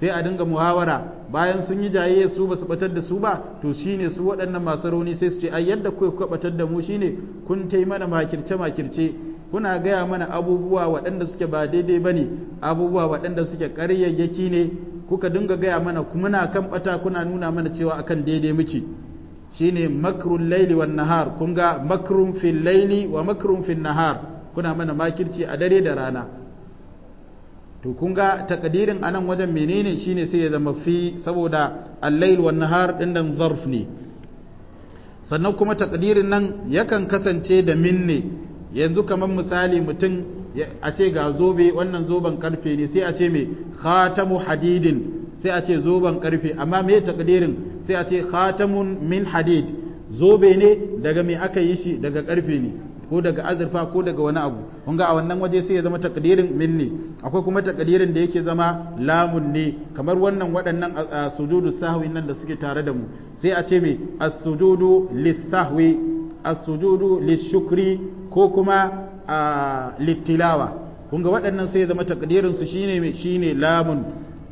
sai a dinga muhawara bayan sun yi jayayya su ba su batar da su ba to shine su waɗannan masu rauni sai su ce ai yadda kuka kuka batar da mu shine kun tai mana makirce makirce kuna gaya mana abubuwa waɗanda suke ba daidai bane abubuwa waɗanda suke ƙaryayyaki ne kuka dinga gaya mana kuma na kan bata kuna nuna mana cewa akan daidai muke shine makrul laili wan nahar kun ga makrun fil laili wa makrun fil nahar kuna mana makirci a dare da rana to kun ga takadirin anan wajen menene shine sai ya zama fi saboda allail wa nahar din nan zarf ne sannan kuma takadirin nan yakan kasance da minne yanzu kamar misali mutum a ce ga zobe wannan zoben karfe ne sai a ce mai khatamu hadidin sai a ce zoben karfe amma me takadirin sai a ce khatamun min hadid zobe ne daga mai aka yi shi daga karfe ne ko daga azurfa ko daga wani abu kun ga a wannan waje sai ya zama takdirin minni akwai kuma takdirin da yake zama lamun ne kamar wannan waɗannan sujudu sahwi nan da suke tare da mu sai a ce me as-sujudu lis-sahwi as-sujudu lis shukri ko kuma littilawa kun ga waɗannan sai ya zama takdirin su shine me shine lamun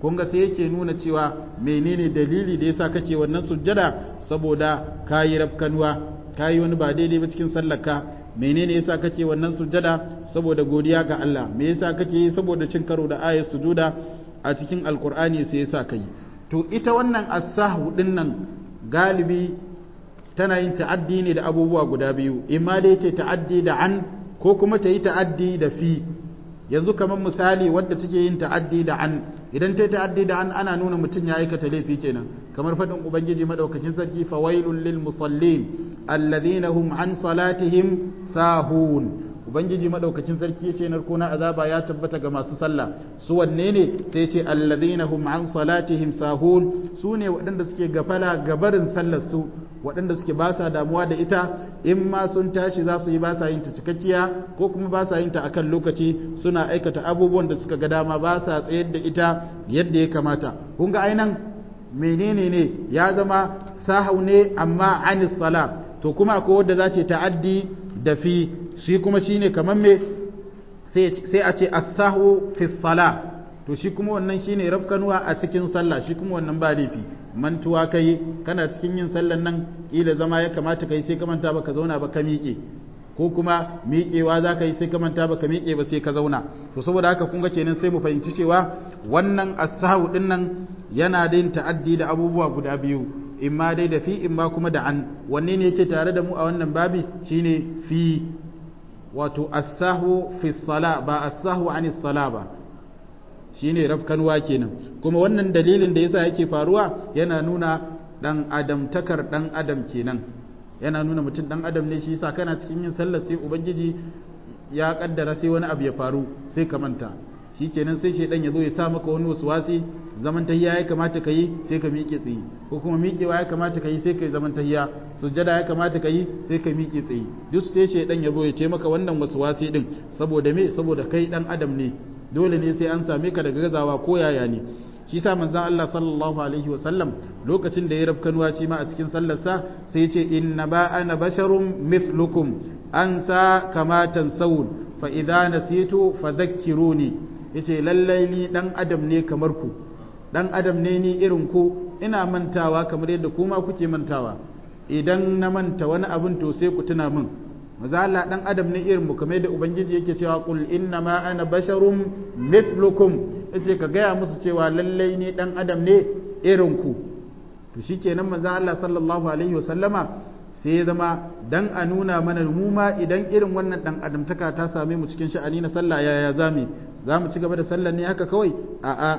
kun ga sai yake nuna cewa menene dalili da yasa kake wannan sujjada saboda kayi rafkanuwa kayi wani ba daidai ba cikin sallaka. menene yasa kake wannan sujada saboda godiya ga Allah me yasa kake saboda cin karo da ayat sujuda a cikin alkur'ani sai yasa kai to ita wannan as-sahwu galibi tana yin ta'addi ne da abubuwa guda biyu imma dai ta ta'addi da an ko kuma ta yi ta'addi da fi yanzu kamar misali wadda take yin ta'addi da an idan ta ta'addi da ana nuna mutum ya aikata laifi kenan kamar faɗin ubangiji madaukakin sarki fawailul lil musallin alladhina hum an salatihim sahun ubangiji madaukakin sarki yace narko na azaba ya tabbata ga masu sallah su wanne ne sai ce alladhina hum an salatihim sahun su ne waɗanda suke gafala gabarin sallar su waɗanda suke ba sa damuwa da ita in ma sun tashi za su yi ba sa yin ta cikakkiya ko kuma ba sa yin ta akan lokaci suna aikata abubuwan da suka ga dama ba sa tsayar da ita yadda ya kamata kun ga ainan menene ne ya zama sahau ne amma anis sala to kuma akwai wanda za ta'addi da fi shi kuma shine kamar me sai a ce as-sahu fi sala to shi kuma wannan shi ne rafkanuwa a cikin sallah shi kuma wannan ba laifi mantuwa ka yi kana cikin yin sallan nan kila zama ya kamata ka yi sai ka manta ba ka zauna ba ka miƙe ko kuma miƙewa za ka yi sai ka manta ba ka miƙe ba sai ka zauna to saboda haka kun ga kenan sai mu fahimci cewa wannan asahu ɗinnan din nan yana da yin ta'addi da abubuwa guda biyu imma dai da fi imma kuma da an wanne ne yake tare da mu a wannan babi shine fi wato asahu fi sala ba asahu anis sala ba shine rafkanwa kenan kuma wannan dalilin da yasa yake faruwa yana nuna dan adamtakar dan adam kenan yana nuna mutum dan adam ne shi yasa kana cikin yin sallar sai ubangiji ya kaddara sai wani abu ya faru sai ka manta shikenan sai shedan ya zo ya sa maka wani waswasi zaman tahiyya ya kamata ka yi sai ka miƙe tsaye ko kuma miƙewa ya kamata ka yi sai ka yi zaman su sujjada ya kamata ka yi sai ka miƙe tsaye duk sai shedan ya zo ya ce maka wannan wasi din saboda me saboda kai dan adam ne dole ne sai an same ka daga gazawa ko yaya ne shi sa manzan Allah sallallahu alaihi wa lokacin da ya rafkanuwa shi ma a cikin sallarsa sai ya ce inna ba ana basharun mithlukum sa kamatan saun fa idza nasitu fadhakkiruni yace lallai ni dan adam ne kamar ku dan adam ne ni irin ku ina mantawa kamar yadda kuma kuke mantawa idan na manta wani abin to sai ku tuna min maza Allah dan adam ne irin mu kamar da ubangiji yake cewa qul inna ma ana basharum mithlukum yace ka gaya musu cewa lallai ne dan adam ne irin ku to shikenan maza Allah sallallahu alaihi wasallama sai ya zama dan a nuna mana mu ma idan irin wannan dan adamtaka ta same mu cikin sha'ani na sallah yaya zamu za mu ci gaba da sallar ne haka kawai a'a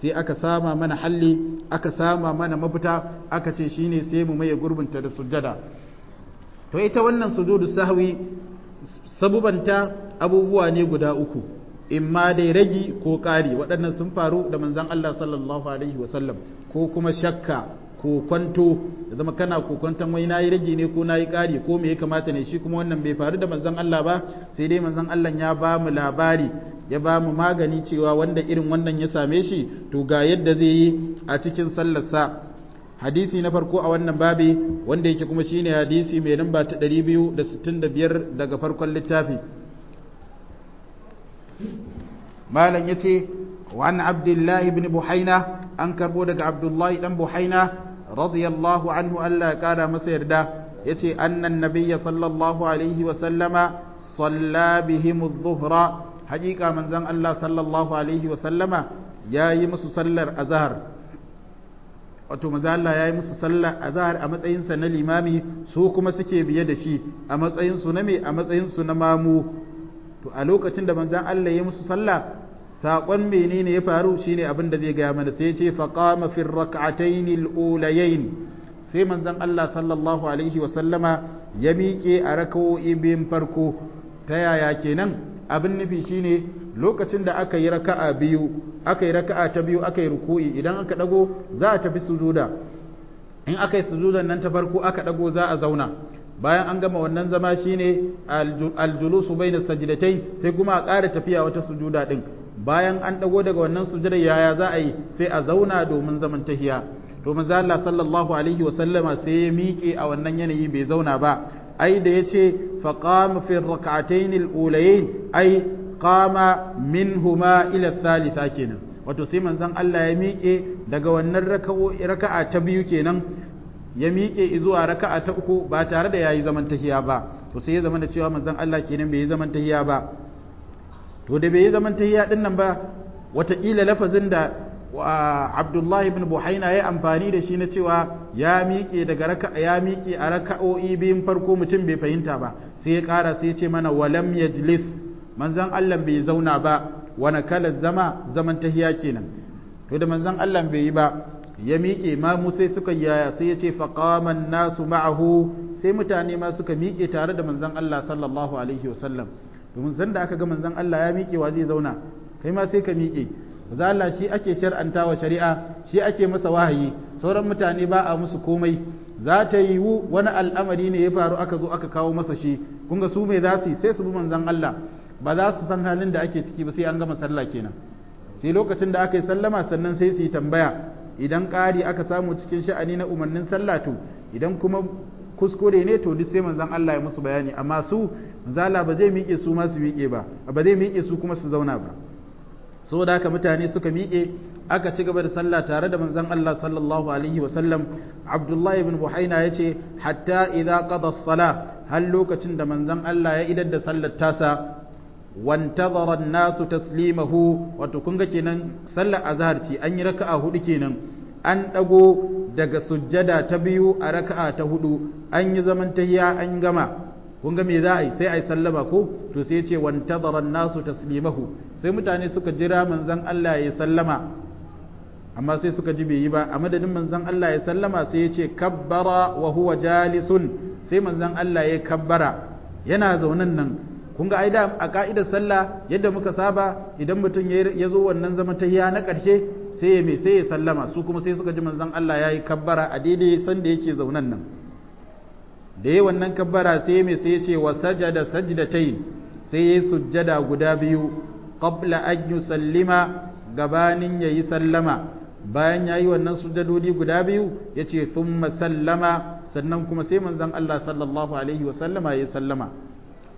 sai aka sama mana halli aka sama mana mafita aka ce shine sai mu maye gurbinta da sujjada to ita wannan sujudu sahwi sabubanta abubuwa ne guda uku imma dai ragi ko ƙari waɗannan sun faru da manzan Allah sallallahu alaihi wasallam ko kuma shakka ko kwanto da zama kana kokwanton wai nayi ragi ne ko nayi ƙari ko me ya kamata ne shi kuma wannan bai faru da manzan Allah ba sai dai manzan Allah ya ba mu labari ya ba mu magani cewa wanda irin wannan ya same shi to ga yadda zai yi a cikin sallarsa hadisi na farko a wannan babi wanda yake kuma shine hadisi mai lamba ta 265 daga farkon littafi malam yace wa an abdullahi ibn buhaina an karbo daga abdullahi dan buhaina radiyallahu anhu Allah ya kara masa yarda yace annan nabiyya sallallahu alaihi wa sallama salla bihim adh-dhuhra haqiqa manzon Allah sallallahu alaihi wa sallama yayi musu sallar azhar wato manzo Allah yi musu sallah a zahar a matsayinsa na limami su kuma suke biye da shi a matsayinsu na me a matsayinsu na mamu to a lokacin da manzo Allah yi musu sallah saƙon menene ya faru shine abin da zai gaya mana sai ce faqama fi rak'atayn al sai manzon Allah sallallahu alaihi wa sallama ya miƙe a rakawo'i biyun farko ta yaya kenan abin nufi shine lokacin da aka yi raka'a biyu aka yi raka'a ta biyu aka yi ruku'i idan aka dago za a tafi sujuda in aka yi sujudan nan ta farko aka dago za a zauna bayan an gama wannan zama shine aljulusu na sajdatai sai kuma a ƙara tafiya wata sujuda din bayan an dago daga wannan sujudar yaya za a yi sai a zauna domin zaman tahiya to manzo Allah sallallahu alaihi wa sai ya miƙe a wannan yanayi bai zauna ba ai da yace fa qama fi rak'atayn al-ulayn ai qama huma ila thalitha kenan wato sai manzon Allah ya miƙe daga wannan raka'a ta biyu kenan ya miƙe zuwa raka'a ta uku ba tare da yayi zaman tahiya ba to sai ya zama da cewa manzon Allah kenan bai yi zaman tahiya ba to da bai yi zaman tahiya din nan ba ila lafazin da abdullahi ibn buhaina ya amfani da shi na cewa ya miƙe daga raka ya miƙe a raka'o'i biyun farko mutum bai fahimta ba sai ya ƙara sai ya ce mana walam yajlis manzon Allah bai zauna ba wani kalar zama zaman tahiya kenan to da manzon Allah bai yi ba ya miƙe ma mu sai suka yaya sai ya ce faqaman nasu ma'ahu sai mutane ma suka miƙe tare da manzon Allah sallallahu alaihi wasallam domin zan da aka ga manzan Allah ya miƙe wa zai zauna kai ma sai ka miƙe manzo Allah shi ake wa shari'a shi ake masa wahayi sauran mutane ba a musu komai za ta yiwu wani al'amari ne ya faru aka zo aka kawo masa shi kun ga su mai za su yi sai su bi manzan Allah ba za su san halin da ake ciki ba sai an gama sallah kenan sai lokacin da aka yi sallama sannan sai su yi tambaya idan ƙari aka samu cikin sha'ani na umarnin sallah to idan kuma kuskure ne to duk sai manzan Allah ya musu bayani amma su manzala ba zai miƙe su ma su miƙe ba ba zai miƙe su kuma su zauna ba saboda mutane suka miƙe aka ci gaba da sallah tare da manzan Allah sallallahu alaihi wasallam Abdullahi ibn Buhaina ya ce hatta idza qada as har lokacin da manzan Allah ya idar da sallar tasa wantazara nasu taslimahu wato kun kenan sallar azhar ce an yi raka'a hudu kenan an dago daga sujjada ta biyu a raka'a ta hudu an yi zaman tahiya an gama kun ga me za a yi sai a yi sallama ko to sai ce wantazaran nasu taslimahu sai mutane suka jira manzon Allah ya sallama amma sai suka ji bai yi ba a madadin manzon Allah ya sallama sai ya ce kabbara wa huwa jalisun sai manzon Allah ya kabbara yana zaunan nan kun ga aida a ka'idar sallah yadda muka saba idan mutum ya zo wannan zama ta tahiya na ƙarshe sai ya me sai ya sallama su kuma sai suka ji manzon Allah ya yi kabbara a daidai sanda yake zaunan nan da yi wannan kabbara sai mai sai ce wa sajada sajdatain sai ya yi sujjada guda biyu qabla an sallima gabanin ya yi sallama bayan ya yi wannan sujjadodi guda biyu ya ce thumma sallama sannan kuma sai manzon Allah sallallahu alaihi wa sallama ya sallama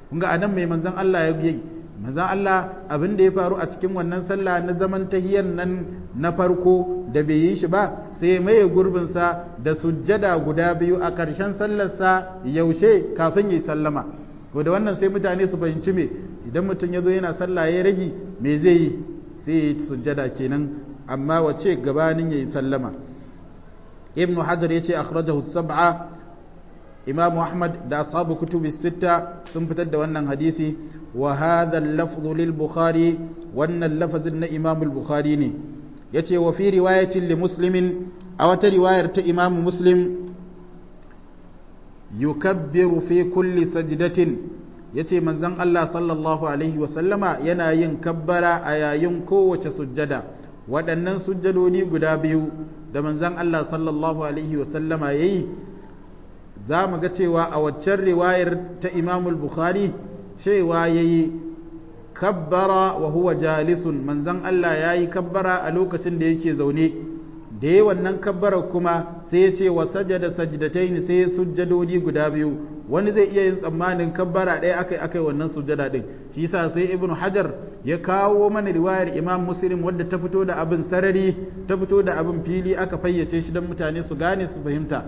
kun ga anan mai manzon Allah ya yi maza Allah abin da ya faru a cikin wannan sallah na zaman tahiyyar nan na farko da bai yi shi ba sai maye gurbin sa da sujjada guda biyu a ƙarshen sa yaushe kafin yi sallama to da wannan sai mutane su fahimci me idan mutum ya zo yana sallah ya rage me zai yi sai ya sujjada kenan amma wace gabanin ya yi sallama ibnu hajar ya ce akhrajahu sab'a imam ahmad da ashabu kutubi sita sun fitar da wannan hadisi wa hadha al lil bukhari wannan lafazin na imam al ne yace wafi fi riwayatin li a wata riwayar ta imam muslim yukabbiru fi kulli sajdatin yace manzan Allah sallallahu alaihi wasallama yana yin kabbara a yayin kowace sujjada waɗannan sujjadodi guda biyu da manzon Allah sallallahu alaihi wasallama yayi za mu ga cewa a waccan riwayar ta imamul bukhari cewa ya yi kabbara wa huwa jalisun manzan Allah ya yi kabbara a lokacin da yake zaune da yi wannan kabbarar kuma sai ya ce wa sajada sajdatain sai sujjadodi guda biyu wani zai iya yin tsammanin kabbara ɗaya akai akai wannan sujjada din shi yasa sai ibnu hajar ya kawo mana riwayar imam muslim wadda ta fito da abin sarari ta fito da abin fili aka fayyace shi don mutane su gane su fahimta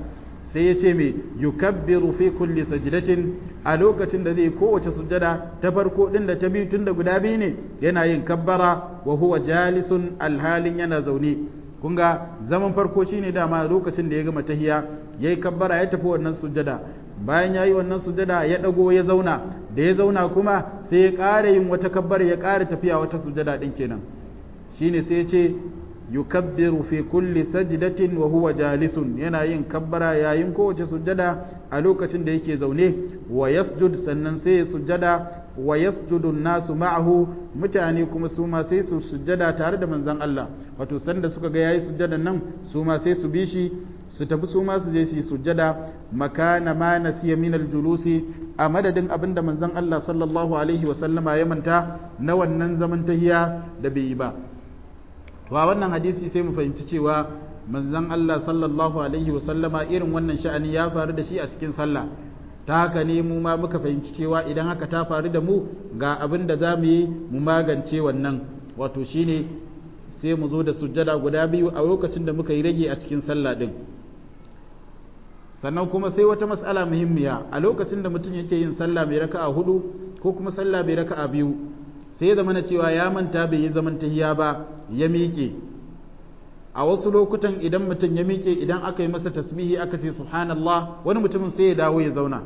sai ya ce mai yukabbiru fi kulli sajdatin a lokacin da zai kowace sujada ta farko din da ta biyu tun da guda biyu ne yana yin kabbara wa huwa jalisun alhalin yana zaune kun ga zaman farko shine dama lokacin da ya gama tahiya yayi kabbara ya tafi wannan sujada bayan yayi wannan sujada ya ɗago ya zauna da ya zauna kuma sai ya ƙara yin wata kabbara ya ƙara tafiya wata sujada din kenan shine sai ya ce yukabbiru fi kulli sajdatin wa huwa jalisun yana yin kabbara yayin kowace sujada a lokacin da yake zaune wayasjud sannan sai sujada sujjada wa yasjudu nasu ma'ahu mutane kuma su ma sai su sujjada tare da manzon Allah wato sanda suka ga yayi sujjadan nan su ma sai su bi shi su tafi su ma su je su sujjada makana ma nasiya min aljulusi a madadin abinda manzon Allah sallallahu alaihi wa sallama ya manta na wannan zaman tahiya da bai yi ba to a wannan hadisi sai mu fahimci cewa manzon Allah sallallahu alaihi wasallama irin wannan sha'ani ya faru da shi a cikin sallah ta haka ne mu ma muka fahimci cewa idan haka ta faru da mu ga abin da za mu yi mu magance wannan wato shine sai mu zo da sujjada guda biyu a lokacin da muka yi rage a cikin sallah din sannan kuma sai wata mas'ala muhimmiya a lokacin da mutum yake yin sallah mai raka'a hudu ko kuma sallah mai raka'a biyu sai zamana cewa ya manta bai yi zaman tahiya ba ya miƙe a wasu lokutan idan mutum ya miƙe idan aka yi masa tasbihi aka ce subhanallah wani mutumin sai ya dawo ya zauna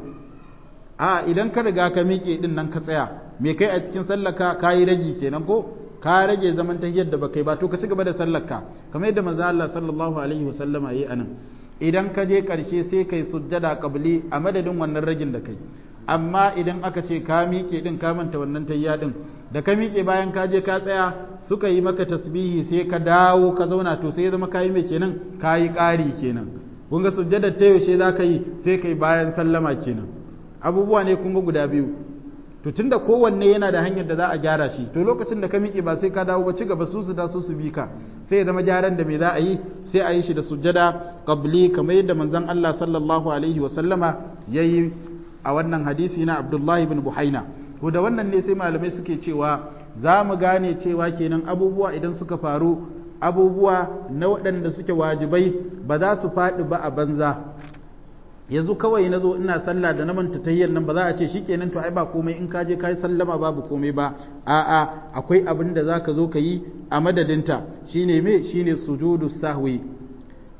a idan ka riga ka miƙe din nan ka tsaya me kai a cikin sallaka ka yi rage kenan ko ka rage zaman tahiyar da baka yi ba to ka cigaba gaba da sallaka kamar yadda manzo Allah sallallahu alaihi wasallama yayi anan idan ka je karshe sai kai sujjada qabli a madadin wannan ragin da kai amma idan aka ce ka miƙe ɗin ka manta wannan tayya din da ka miƙe bayan ka je ka tsaya suka yi maka tasbihi sai ka dawo ka zauna to sai ya zama yi mai kenan ka yi ƙari kenan kun ga sujjadar ta yaushe za ka yi sai ka yi bayan sallama kenan abubuwa ne kun ga guda biyu to tunda kowanne yana da hanyar da za a gyara shi to lokacin da ka miƙe ba sai ka dawo ba ci gaba su su da su su bi ka sai ya zama gyaran da me za a yi sai a yi shi da sujjada qabli kamar yadda manzon Allah sallallahu alaihi wa sallama yayi a wannan hadisi na abdullahi bin buhaina ko da wannan ne sai malamai suke cewa za mu gane cewa kenan abubuwa idan suka faru abubuwa na waɗanda suke wajibai ba za su faɗi ba a banza yanzu kawai nazo ina sallah da na manta tayyar nan ba za a ce shi kenan to ai ba komai in ka je ka yi sallama babu komai ba a'a akwai abin da za ka zo ka yi a madadinta shine me shine sujudu sahwi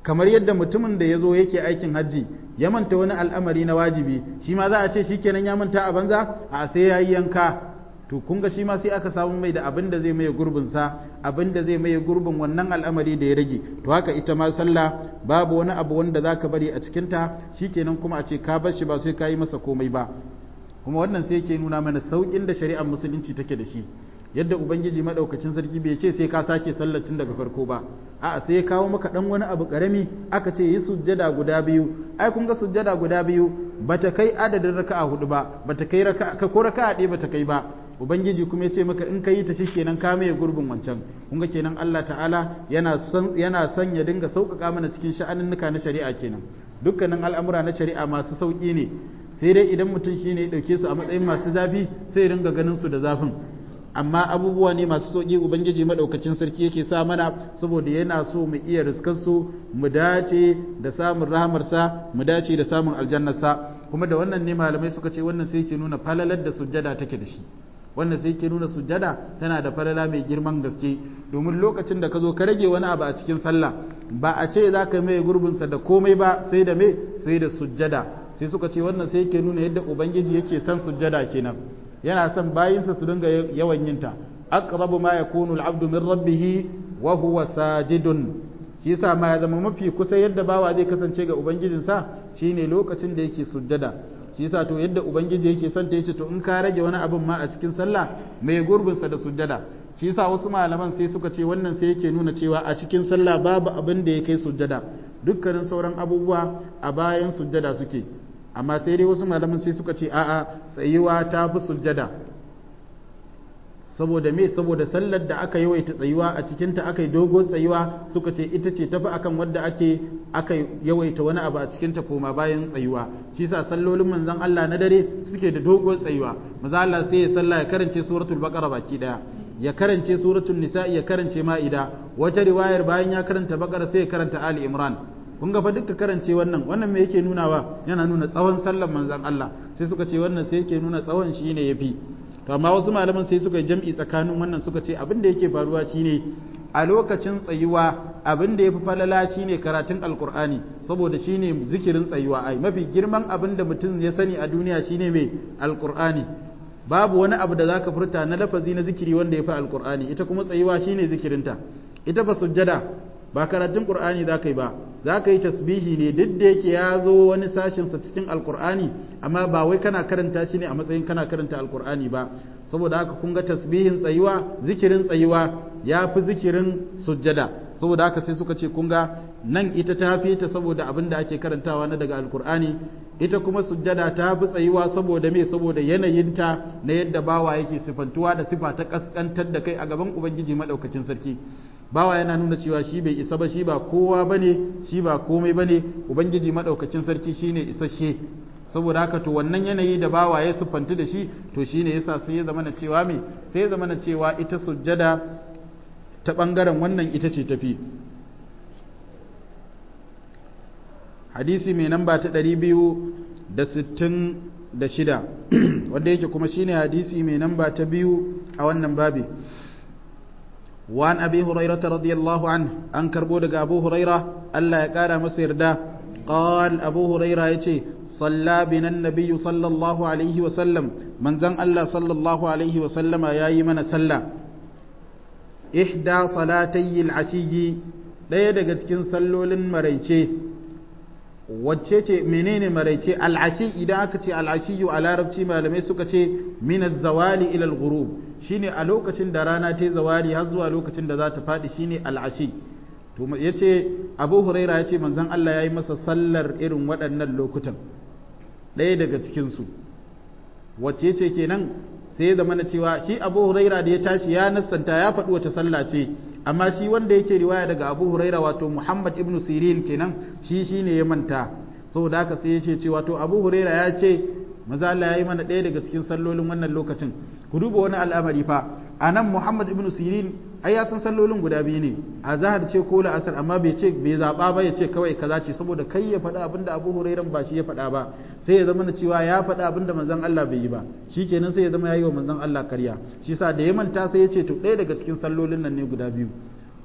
kamar yadda mutumin da ya zo yake aikin hajji ya manta wani al'amari na wajibi shi ma za a ce shi kenan ya manta a banza a sai ya yi yanka to kun ga shi ma sai aka samu mai da abin da zai maye gurbin sa abin da zai maye gurbin wannan al'amari da ya rage to haka ita ma sallah babu wani abu wanda zaka bari a cikin ta shi kenan kuma a ce ka bar shi ba sai ka yi masa komai ba kuma wannan sai yake nuna mana saukin da shari'ar musulunci take da shi yadda ubangiji madaukakin sarki bai ce sai ka sake sallacin daga farko ba a sai ya kawo maka dan wani abu karami aka ce yi sujjada guda biyu ai kun ga sujjada guda biyu bata kai adadin raka'a hudu ba bata kai raka'a ko raka'a ɗaya bata kai ba ubangiji kuma ya ce maka in ka yi ta shi kenan ka mai gurbin wancan kun ga kenan Allah ta'ala yana son yana son ya dinga sauƙaƙa mana cikin sha'anunnuka na shari'a kenan dukkanin al'amura na shari'a masu sauƙi ne sai dai idan mutum shine ya dauke su a matsayin masu zafi sai ya ringa ganin su da zafin amma abubuwa ne masu sauki ubangiji maɗaukacin sarki yake sa mana saboda yana so mu iya riskar su mu dace da samun rahamarsa mu dace da samun aljannarsa kuma da wannan ne malamai suka ce wannan sai ke nuna falalar da sujjada take da shi wannan sai ke nuna sujjada tana da falala mai girman gaske domin lokacin da ka zo ka rage wani abu a cikin sallah ba a ce za ka mai gurbinsa da komai ba sai da me sai da sujjada sai suka ce wannan sai ke nuna yadda ubangiji yake son sujjada kenan yana son bayinsa su dinga yawan yinta aqrabu ma yakunu al-abdu min rabbih wa huwa sajidun shi yasa ma ya zama mafi kusa yadda bawa zai kasance ga ubangijinsa shine lokacin da yake sujjada shi yasa to yadda ubangiji yake son ta yace to in ka rage wani abin ma a cikin sallah mai gurbin sa da sujjada shi yasa wasu malaman sai suka ce wannan sai yake nuna cewa a cikin sallah babu abin da ya kai sujjada dukkanin sauran abubuwa a bayan sujjada suke amma sai dai wasu malaman sai suka ce a'a tsayuwa ta fi sujjada saboda me saboda sallar da aka yawaita tsayuwa a cikinta aka yi dogo tsayuwa suka ce ita ce tafi akan wadda ake aka yawaita wani abu a cikin cikinta koma bayan tsayuwa shi sa sallolin manzon Allah na dare suke da dogon tsayuwa maza Allah sai ya salla ya karance suratul baqara baki daya ya karance suratul nisa ya karance ma'ida wata riwayar bayan ya karanta baqara sai ya karanta ali imran kun ga fa duka karance wannan wannan me yake nunawa yana nuna tsawon sallar manzan Allah sai suka ce wannan sai yake nuna tsawon shine yafi to amma wasu malaman sai suka jam'i tsakanin wannan suka ce abin da yake faruwa shine a lokacin tsayuwa abin da yafi falala shine karatun alkur'ani saboda shine zikirin tsayuwa ai mafi girman abin da mutum ya sani a duniya shine mai alkur'ani babu wani abu da zaka furta na lafazi na zikiri wanda yafi alkur'ani ita kuma tsayuwa shine zikirinta ita fa sujjada ba karatun qur'ani za ka yi ba za ka yi tasbihi ne duk da yake ya zo wani sashinsa cikin alkur'ani amma ba wai kana karanta shi ne a matsayin kana karanta alkur'ani ba saboda haka kun ga tasbihin tsayuwa zikirin tsayuwa ya fi zikirin sujjada saboda haka sai suka ce kun ga nan ita ta fi ta saboda abin da ake karantawa na daga alkur'ani ita kuma sujjada ta fi tsayuwa saboda me saboda yanayinta na yadda bawa yake sifantuwa da sifa ta kaskantar da kai a gaban ubangiji madaukakin sarki bawa yana nuna cewa shi bai isa ba shi ba kowa bane shi ba komai bane ubangiji madaukakin sarki shine isasshe saboda haka to wannan yanayi da bawa ya siffanti da shi to shine yasa sai ya zama na cewa me sai ya zama na cewa ita sujjada ta bangaren wannan ita ce tafi hadisi mai namba ta shida wanda yake kuma shine hadisi mai namba ta biyu a wannan babi وعن أبي هريرة رضي الله عنه أنكر بودك أبو هريرة ألا يكار مسير ده قال أبو هريرة يتي صلى بنا النبي صلى الله عليه وسلم من زن الله صلى الله عليه وسلم يا يمن صلى إحدى صلاتي العشي ɗaya daga cikin sallolin maraice wacce ce menene maraice al'ashi idan aka ce al'ashiyu a larabci malamai suka ce min zawali ila al-ghurub shine a lokacin da rana ta zawari, har zuwa lokacin da za ta faɗi shine al'ashi to ce Abu Huraira yace manzon Allah ya yi masa sallar irin waɗannan lokutan ɗaya daga cikinsu? wace wacce ce kenan sai da mana cewa shi Abu Huraira da ya tashi ya nassanta ya faɗi wace sallah ce amma shi wanda yake riwaya daga Abu Huraira wato Muhammad ibn Sirin kenan shi shine ya manta da haka sai ya cewa to Abu Huraira ya ce maza Allah ya yi mana ɗaya daga cikin sallolin wannan lokacin ku duba wani al'amari fa a nan muhammad ibn sirin ai ya san sallolin guda biyu ne a zahar ce ko la'asar amma bai ce bai zaɓa ba ya ce kawai kaza ce saboda kai ya faɗa abinda abu hurairan ba shi ya faɗa ba sai ya zama na cewa ya faɗa abinda manzon Allah bai yi ba shi kenan sai ya zama ya yi wa manzon Allah karya shi sa da ya manta sai ya ce to ɗaya daga cikin sallolin nan ne guda biyu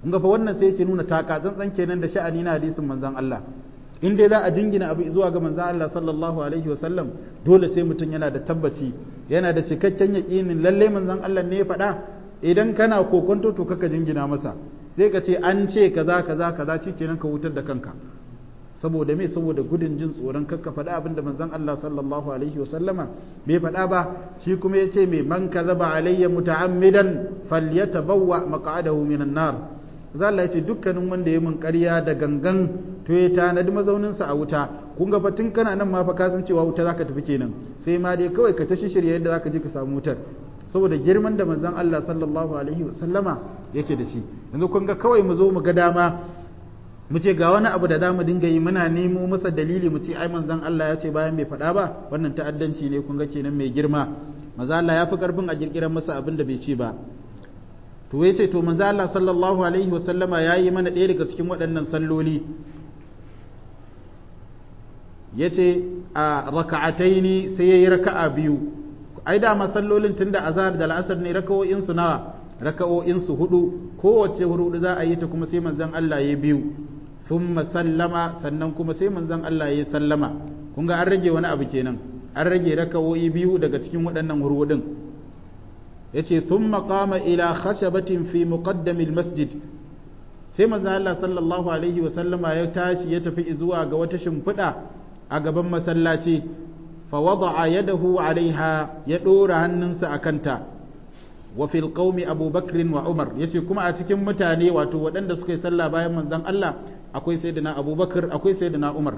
kun ga fa wannan sai yake nuna taka tsantsan kenan da sha'ani na hadisin manzon Allah in dai za a jingina abu zuwa ga manzan Allah sallallahu alaihi wasallam dole sai mutum yana da tabbaci yana da cikakken yaƙinin lalle manzan Allah ne faɗa idan kana kokonto to kaka jingina masa sai ka ce an ce kaza kaza kaza shikenan ka wutar da kanka saboda me saboda gudun jin tsoron kakka faɗa abin da manzan Allah sallallahu alaihi wasallama bai faɗa ba shi kuma ya ce mai man kazaba alayya muta'ammidan falyatabawwa maq'adahu minan nar za Allah ya ce dukkanin wanda ya mun ƙarya da gangan to ya mazaunin mazauninsa a wuta kun ga fatin kana nan ma fa ka san cewa wuta zaka tafi kenan sai ma dai kawai ka tashi shirye yadda zaka je ka samu wutar saboda girman da manzon Allah sallallahu alaihi wa sallama yake da shi yanzu kun ga kawai mu zo mu ga dama mu ce ga wani abu da za mu dinga yi muna nemo masa dalili mu ce ai manzon Allah ya ce bayan bai faɗa ba wannan ta'addanci ne kun ga kenan mai girma maza Allah ya fi karfin a kirkirar masa abin da bai ce ba to ya ce to manzo Allah sallallahu alaihi wa ya yi mana ɗaya daga cikin waɗannan salloli yace a raka'atai ne sai ya raka'a biyu ai da masallolin tun da azhar da al'asr ne su nawa su hudu kowace hudu za a yi ta kuma sai manzan Allah ya biyu thumma sallama sannan kuma sai manzan Allah ya sallama kun ga an rage wani abu kenan an rage raka'o'i biyu daga cikin waɗannan hurwudin yace sun makama ila khashabatin fi muqaddamil masjid sai manzo Allah sallallahu alaihi wa ya tashi ya tafi zuwa ga wata shimfiɗa a gaban masallaci fa wada'a yadahu alaiha ya dora hannunsa kanta wa fil qaumi abubakr wa umar yace kuma a cikin mutane wato waɗanda suka yi sallah bayan manzon Allah akwai na abubakar akwai na umar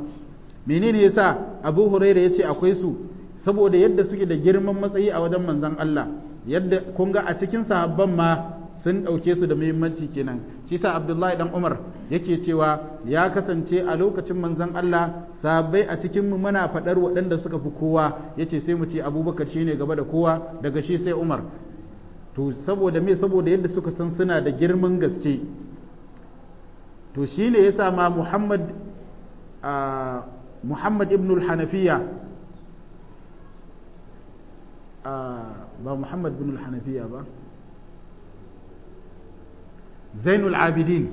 menene yasa abu huraira ce akwai su saboda yadda suke da girman matsayi a wajen manzan Allah yadda kun ga a cikin sahabban ma sun ɗauke su da muhimmanci kenan shi sa abdullahi dan umar yake cewa ya kasance a lokacin manzon Allah sahabbai a cikin mu muna faɗar waɗanda suka fi kowa yace sai mu ce abubakar shine gaba da kowa daga shi sai umar to saboda me saboda yadda suka san suna da girman gaske to shine yasa ma muhammad muhammad ibn al-hanafiya ba muhammad bin hanafiya ba zainul abidin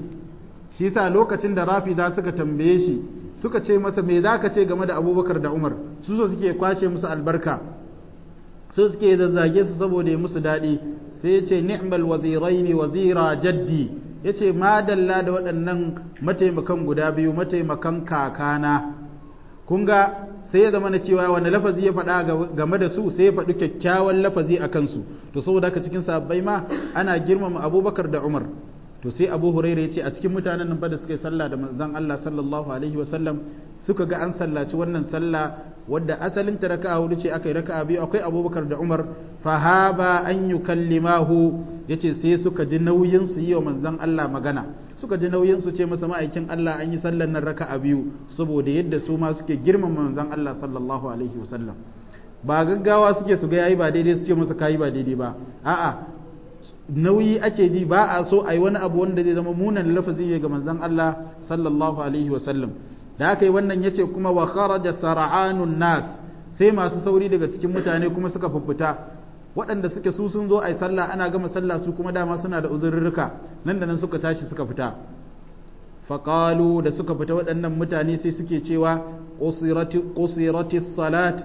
shi sa lokacin da rafida suka tambaye shi suka ce masa me za ka ce game da abubakar da umar su so suke kwace musu albarka su suke zazzage su saboda ya musu daɗi sai ya ce ni'mal wazirai ne wazira jaddi ya ce madalla da waɗannan mataimakan guda biyu mataimakan kakana kun ga sai ya zama na cewa wani lafazi ya faɗa game da su sai ya faɗi kyakkyawan lafazi a kansu to saboda haka cikin sabbai ma ana girmama abubakar da umar to sai abu huraira ya ce a cikin mutanen nan fa da suka yi sallah da manzon Allah sallallahu alaihi wasallam suka ga an sallaci wannan sallah wadda asalin ta raka'a hudu ce aka yi raka'a biyu akwai abubakar da umar fahaba an yi kallimahu ya ce sai suka ji nauyin su yi wa manzan allah magana suka ji nauyin su ce masa ma'aikin allah an yi sallan nan raka'a biyu saboda yadda su ma suke girman manzan allah sallallahu alaihi wasallam ba gaggawa suke su ga yayi ba daidai su ce masa kayi ba daidai ba a'a nauyi ake ji ba a so a yi wani abu wanda zai zama munan lafazi ga manzan allah sallallahu alaihi wasallam da aka yi wannan yace kuma wa kharaja sar'anun nas sai masu sauri daga cikin mutane kuma suka fuffuta waɗanda suke su sun zo a yi sallah ana gama sallah su kuma dama suna da uzurruka nan da nan suka tashi suka fita faƙalu da suka fita waɗannan mutane sai suke cewa ƙusiratis salat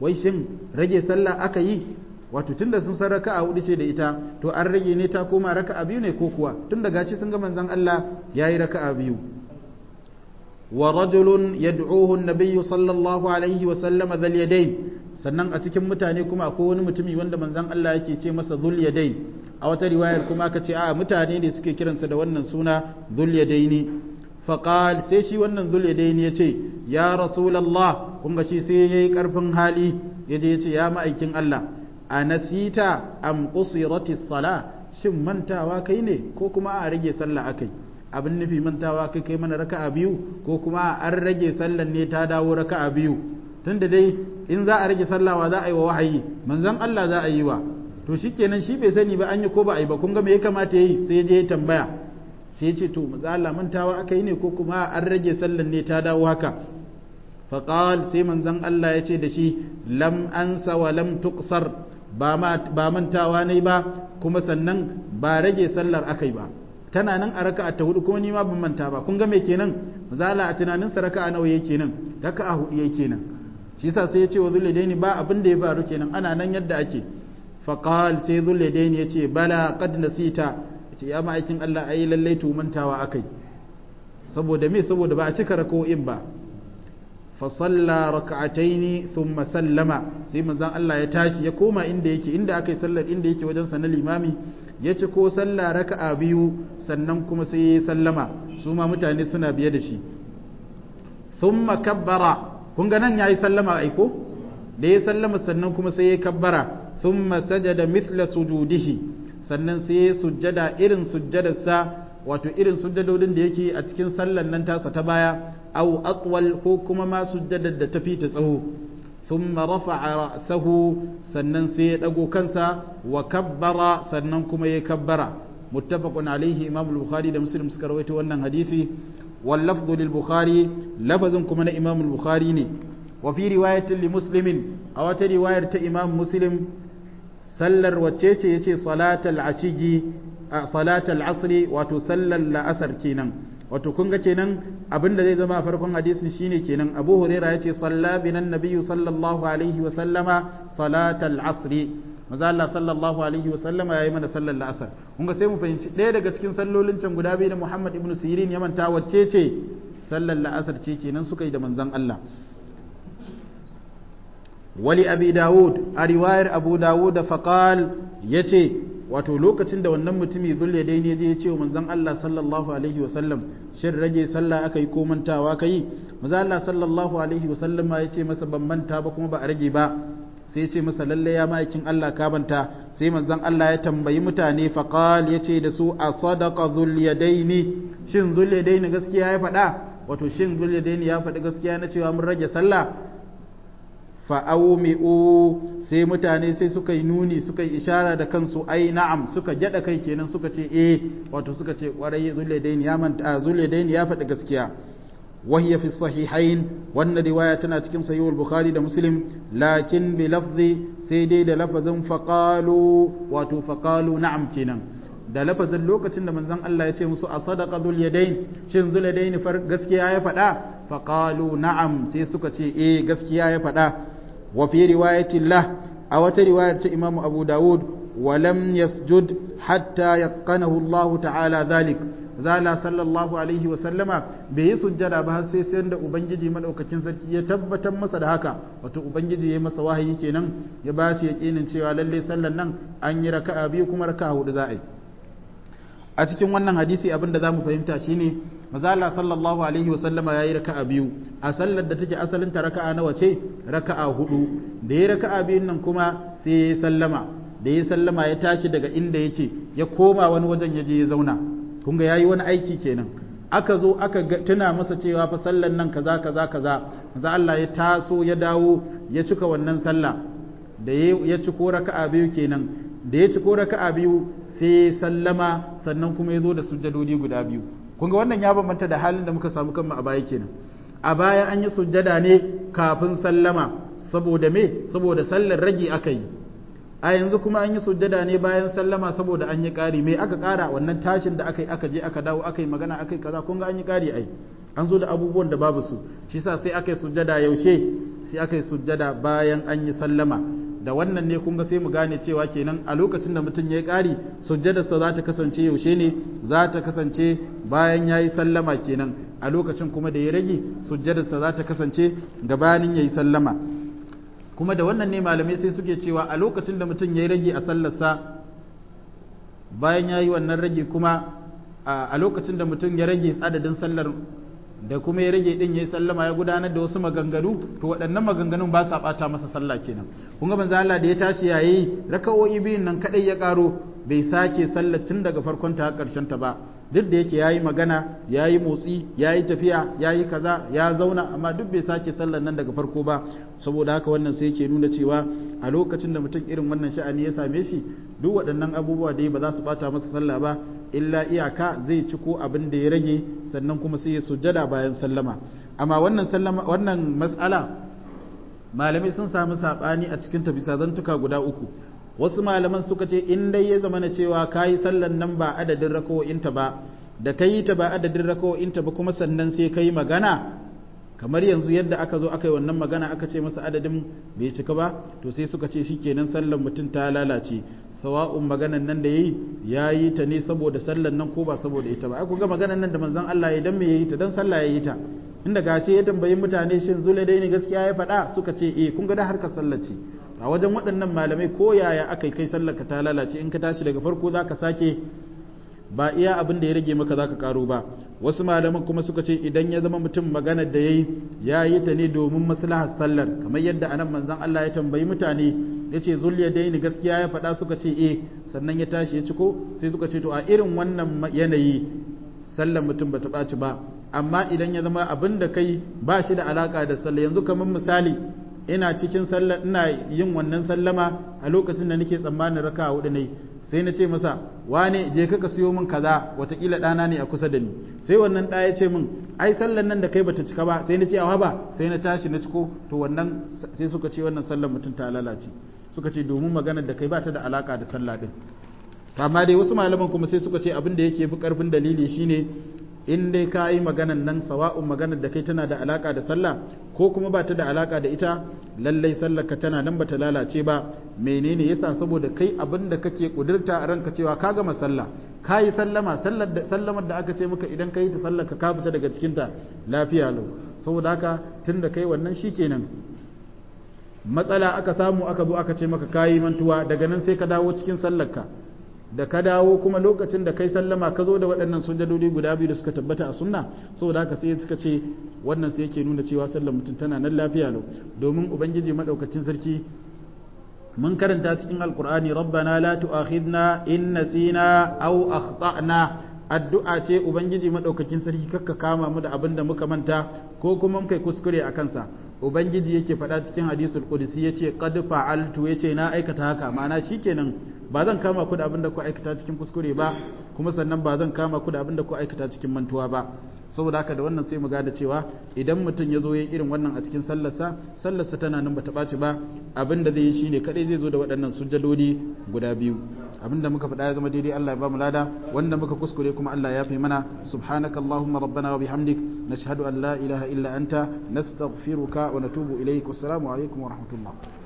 wai shin rage sallah aka yi wato tunda sun san raka'a hudu ce da ita to an rage ne ta koma raka'a biyu ne ko kuwa tun da sun ga manzon Allah yayi raka'a biyu ورجل يدعوه النبي صلى الله عليه وسلم ذا اليدين sannan a cikin mutane kuma akwai wani mutumi wanda manzan Allah yake ce masa dhul yadain a wata riwayar kuma aka ce a mutane ne suke kiransa da wannan suna dhul yadaini faqal sai shi wannan dhul yadaini yace ya rasulullah kun ga shi sai yayi karfin hali yaje yace ya ma'aikin Allah anasita am qusiratis sala shin mantawa kai ne ko kuma a rage sallah akai abin nufi mantawa kai kai mana raka'a biyu ko kuma an rage sallan ne ta dawo raka'a biyu tunda dai in za a rage sallawa za a yi wa wahayi manzon Allah za a yi wa to shikenan shi bai sani ba an yi ko ba a yi ba kun ga me ya kamata yi sai je ya tambaya sai ya ce to manzon Allah mantawa aka yi ne ko kuma an rage sallan ne ta dawo haka faqal sai manzon Allah ya ce da shi lam ansa wa lam tuqsar ba mantawa ne ba kuma sannan ba rage sallar akai ba tana nan a raka'a ta hudu kuma ni ma ban manta ba kun ga me kenan zala a tunanin sa raka'a nawa yake nan raka'a hudu yake nan shi yasa sai ya ce wa zulladaini ba abin da ya faru kenan ana nan yadda ake fa qal sai ya ce bala qad nasita yace ya ma'aikin Allah ai lalle tu mantawa akai saboda me saboda ba a cika rako'in ba fa salla raka'ataini thumma sallama sai manzon Allah ya tashi ya koma inda yake inda akai sallar inda yake wajen sa na limami ya ci ko sallah raka'a biyu sannan kuma sai ya sallama su ma mutane suna biye da shi thumma kabbara kun ga nan yayi sallama aiko da ya sallama sannan kuma sai ya kabbara thumma sajada mithla sujudihi sannan sai ya sujjada irin sujjadarsa wato irin sujjadodin da yake a cikin sallan nan tasa ta baya au atwal ko kuma ma sujjadar da tafi ta tsawo ثم رفع رأسه سنن سيدغو كنسا وكبر سنن كما يكبر متفق عليه إمام البخاري ده مسلم سكرويت وانا حديثي واللفظ للبخاري لفظ كما إمام البخاري ني وفي رواية لمسلم أو رواية إمام مسلم سلر وتشيتي صلاة العشي صلاة العصر وتسلل الأسر كينا wato kun ga kenan abinda zai zama a farkon hadisin shine kenan Abu Huraira yace salla binan nabiyyu sallallahu alaihi wa sallama salatal asri maza Allah sallallahu alaihi wa sallama yayi mana sallar la'asar kun ga sai mu fahimci ɗaya daga cikin sallolin can guda biyu da Muhammad ibn Sirin ya manta wacce ce sallar la'asar ce kenan suka yi da manzon Allah wali abi dawud a riwayar abu dawud da faqal yace wato lokacin da wannan mutumi zulle dai ne ya ce wa manzon Allah sallallahu alaihi wasallam shin rage sallah aka yi ko mantawa ka yi manzon Allah sallallahu alaihi wasallam ya ce masa ban manta ba kuma ba a rage ba sai ya ce masa lalle ya ma'aikin Allah ka banta sai manzon Allah ya tambayi mutane faqal ya ce da su a sadaqa zul yadaini shin zul yadaini gaskiya ya faɗa wato shin zul yadaini ya faɗi gaskiya na cewa mun rage sallah u sai mutane sai suka yi nuni suka yi ishara da kansu ai na'am suka gada kai kenan suka ce eh wato suka ce kwarai zulle ya manta zulle ya faɗi gaskiya wahiya fi sahihain wannan riwaya tana cikin sayuwar bukhari da muslim lakin bi lafzi sai dai da lafazin faqalu wato faqalu na'am kenan da lafazin lokacin da manzon Allah ya ce musu a sadaqa zul yadain shin zul gaskiya ya fada faqalu na'am sai suka ce eh gaskiya ya faɗa wa fi riwayati lah a wata riwayar ta imamu abu dawud wa lam yasjud hatta yaqanahu allah ta'ala zalik zala sallallahu alaihi wa sallama bai yi sujjada ba har sai sai da ubangiji madaukakin sarki ya tabbatar masa da haka wato ubangiji ya masa wahayi kenan ya ba ya yakinin cewa lallai sallan nan an yi raka'a biyu kuma raka hudu za a a cikin wannan hadisi abin da zamu fahimta shine maza Allah sallallahu alaihi wa sallama yi raka'a biyu a sallar da take asalin ta raka'a nawa ce raka'a hudu da yi raka'a biyun nan kuma sai ya sallama da ya sallama ya tashi daga inda yake ya koma wani wajen ya je ya zauna kun ga yayi wani aiki kenan aka zo aka tuna masa cewa fa sallar nan kaza kaza kaza maza Allah ya taso ya dawo ya cika wannan sallah da ya ciko raka'a biyu kenan da ya ciko raka'a biyu sai sallama sannan kuma ya zo da sujjadodi guda biyu kun ga wannan ya bambanta da halin da muka samu kanmu a baya kenan a baya an yi sujjada ne kafin sallama saboda me saboda sallar ragi aka yi a yanzu kuma an yi sujjada ne bayan sallama saboda an yi ƙari me aka ƙara wannan tashin da aka yi aka je aka dawo aka yi magana aka yi kaza kun an yi ƙari ai an zo da abubuwan da babu su shi sa sai aka yi sujjada yaushe sai aka yi sujjada bayan an yi sallama da wannan ne kun ga sai mu gane cewa kenan a lokacin da mutum ya ƙari sujjadarsa za ta kasance yaushe ne za ta kasance bayan ya yi sallama kenan a lokacin kuma da ya rage sujjadarsa za ta kasance gabanin ya yi sallama kuma da wannan ne malamai sai suke cewa a lokacin da mutum ya yi rage a sallarsa bayan ya yi wannan rage kuma a lokacin da mutum ya rage adadin sallar da kuma ya rage din yayi sallama ya gudanar da wasu maganganu to waɗannan maganganun ba sa bata masa sallah kenan kun ga manzo Allah da ya tashi yayi raka'o'i biyun nan kaɗai ya karo bai sake sallar tun daga farkon ta har karshen ta ba duk da yake yayi magana yayi motsi yayi tafiya yayi kaza ya zauna amma duk bai sake sallar nan daga farko ba saboda haka wannan sai yake nuna cewa a lokacin da mutum irin wannan sha'ani ya same shi duk waɗannan abubuwa dai ba za su bata masa sallah ba illa iyaka zai ci ko abin da ya rage sannan kuma sai ya sujada bayan sallama amma wannan sallama wannan mas'ala malamai sun samu sabani a cikin tafisa zantuka guda uku wasu malaman suka ce in dai ya zama na cewa kayi sallan nan ba adadin ta ba da ka ta ba adadin ta ba kuma sannan sai ka magana kamar yanzu yadda aka zo aka yi wannan magana aka ce masa adadin bai cika ba to sai suka ce shi kenan sallan mutum ta lalace sawa'un maganan nan da yayi yayi ta ne saboda sallan nan ko ba saboda ita ba ai ku ga maganan nan da manzon Allah ya dan me yayi ta dan sallah yayi ta inda ga ce ya tambayi mutane shin zule dai ne gaskiya ya faɗa suka ce eh kun ga da harkar sallar ce a wajen waɗannan malamai ko yaya aka kai sallar ka ta lalace in ka tashi daga farko zaka sake ba iya abin da ya rage maka zaka karo ba wasu malaman kuma suka ce idan ya zama mutum maganar da yayi yayi ta ne domin maslahar sallar kamar yadda anan manzon Allah ya tambayi mutane yace ya daini gaskiya ya faɗa suka ce eh sannan ya tashi ya ci ko sai suka ce to a irin wannan yanayi sallar mutum bata baci ba amma idan ya zama abin da kai ba shi da alaka da sallar yanzu kamar misali ina cikin sallah ina yin wannan sallama a lokacin da nake tsammanin raka'a hudu ne sai na ce masa wane je ka siyo min kaza watakila dana ne a kusa da ni sai wannan da ya ce min ai sallan nan da kai bata cika ba sai na ce awa ba sai na tashi na ciko to wannan sai suka ce wannan sallan mutum ta lalace suka ce domin maganar da kai bata da alaka da sallah din amma dai wasu malaman kuma sai suka ce abin da yake fi karfin dalili shine in dai ka yi maganan nan sawa'un maganar da kai tana da alaka da sallah ko kuma ba ta da alaka da ita lallai sallar ka tana nan ba ta lalace ba menene yasa saboda kai abin da kake kudurta a ranka cewa ka gama sallah ka yi sallama sallar da sallamar da aka ce maka idan ka yi ta sallar ka ka fita daga cikin ta lafiya lau saboda haka tunda kai wannan shi shikenan matsala aka samu aka zo aka ce maka kayi mantuwa daga nan sai ka dawo cikin sallar ka da ka dawo kuma lokacin da kai sallama ka zo da waɗannan sujadodi guda biyu da suka tabbata a sunna saboda haka sai suka ce wannan sai yake nuna cewa sallar mutum tana nan lafiya lau domin ubangiji madaukakin sarki mun karanta cikin alkur'ani rabbana la tu'akhidna in nasina aw akhtana addu'a ce ubangiji madaukakin sarki kakka kama mu da abin da muka manta ko kuma mun kai kuskure a kansa ubangiji yake faɗa cikin hadisul qudsi yace qad fa'altu ce na aikata haka ma'ana shikenan ba zan kama ku da ku aikata cikin kuskure ba kuma sannan ba zan kama ku da ku aikata cikin mantuwa ba saboda haka da wannan sai mu gada cewa idan mutum ya zo yin irin wannan a cikin sallarsa sallarsa tana nan bata ɓaci ba abin da zai yi shine kadai zai zo da waɗannan sujjadodi guda biyu abin da muka faɗa ya zama daidai Allah ya ba mu lada wanda muka kuskure kuma Allah ya fi mana subhanaka allahumma rabbana wa bihamdik nashhadu an la ilaha illa anta nastaghfiruka wa natubu ilaik assalamu alaikum wa rahmatullah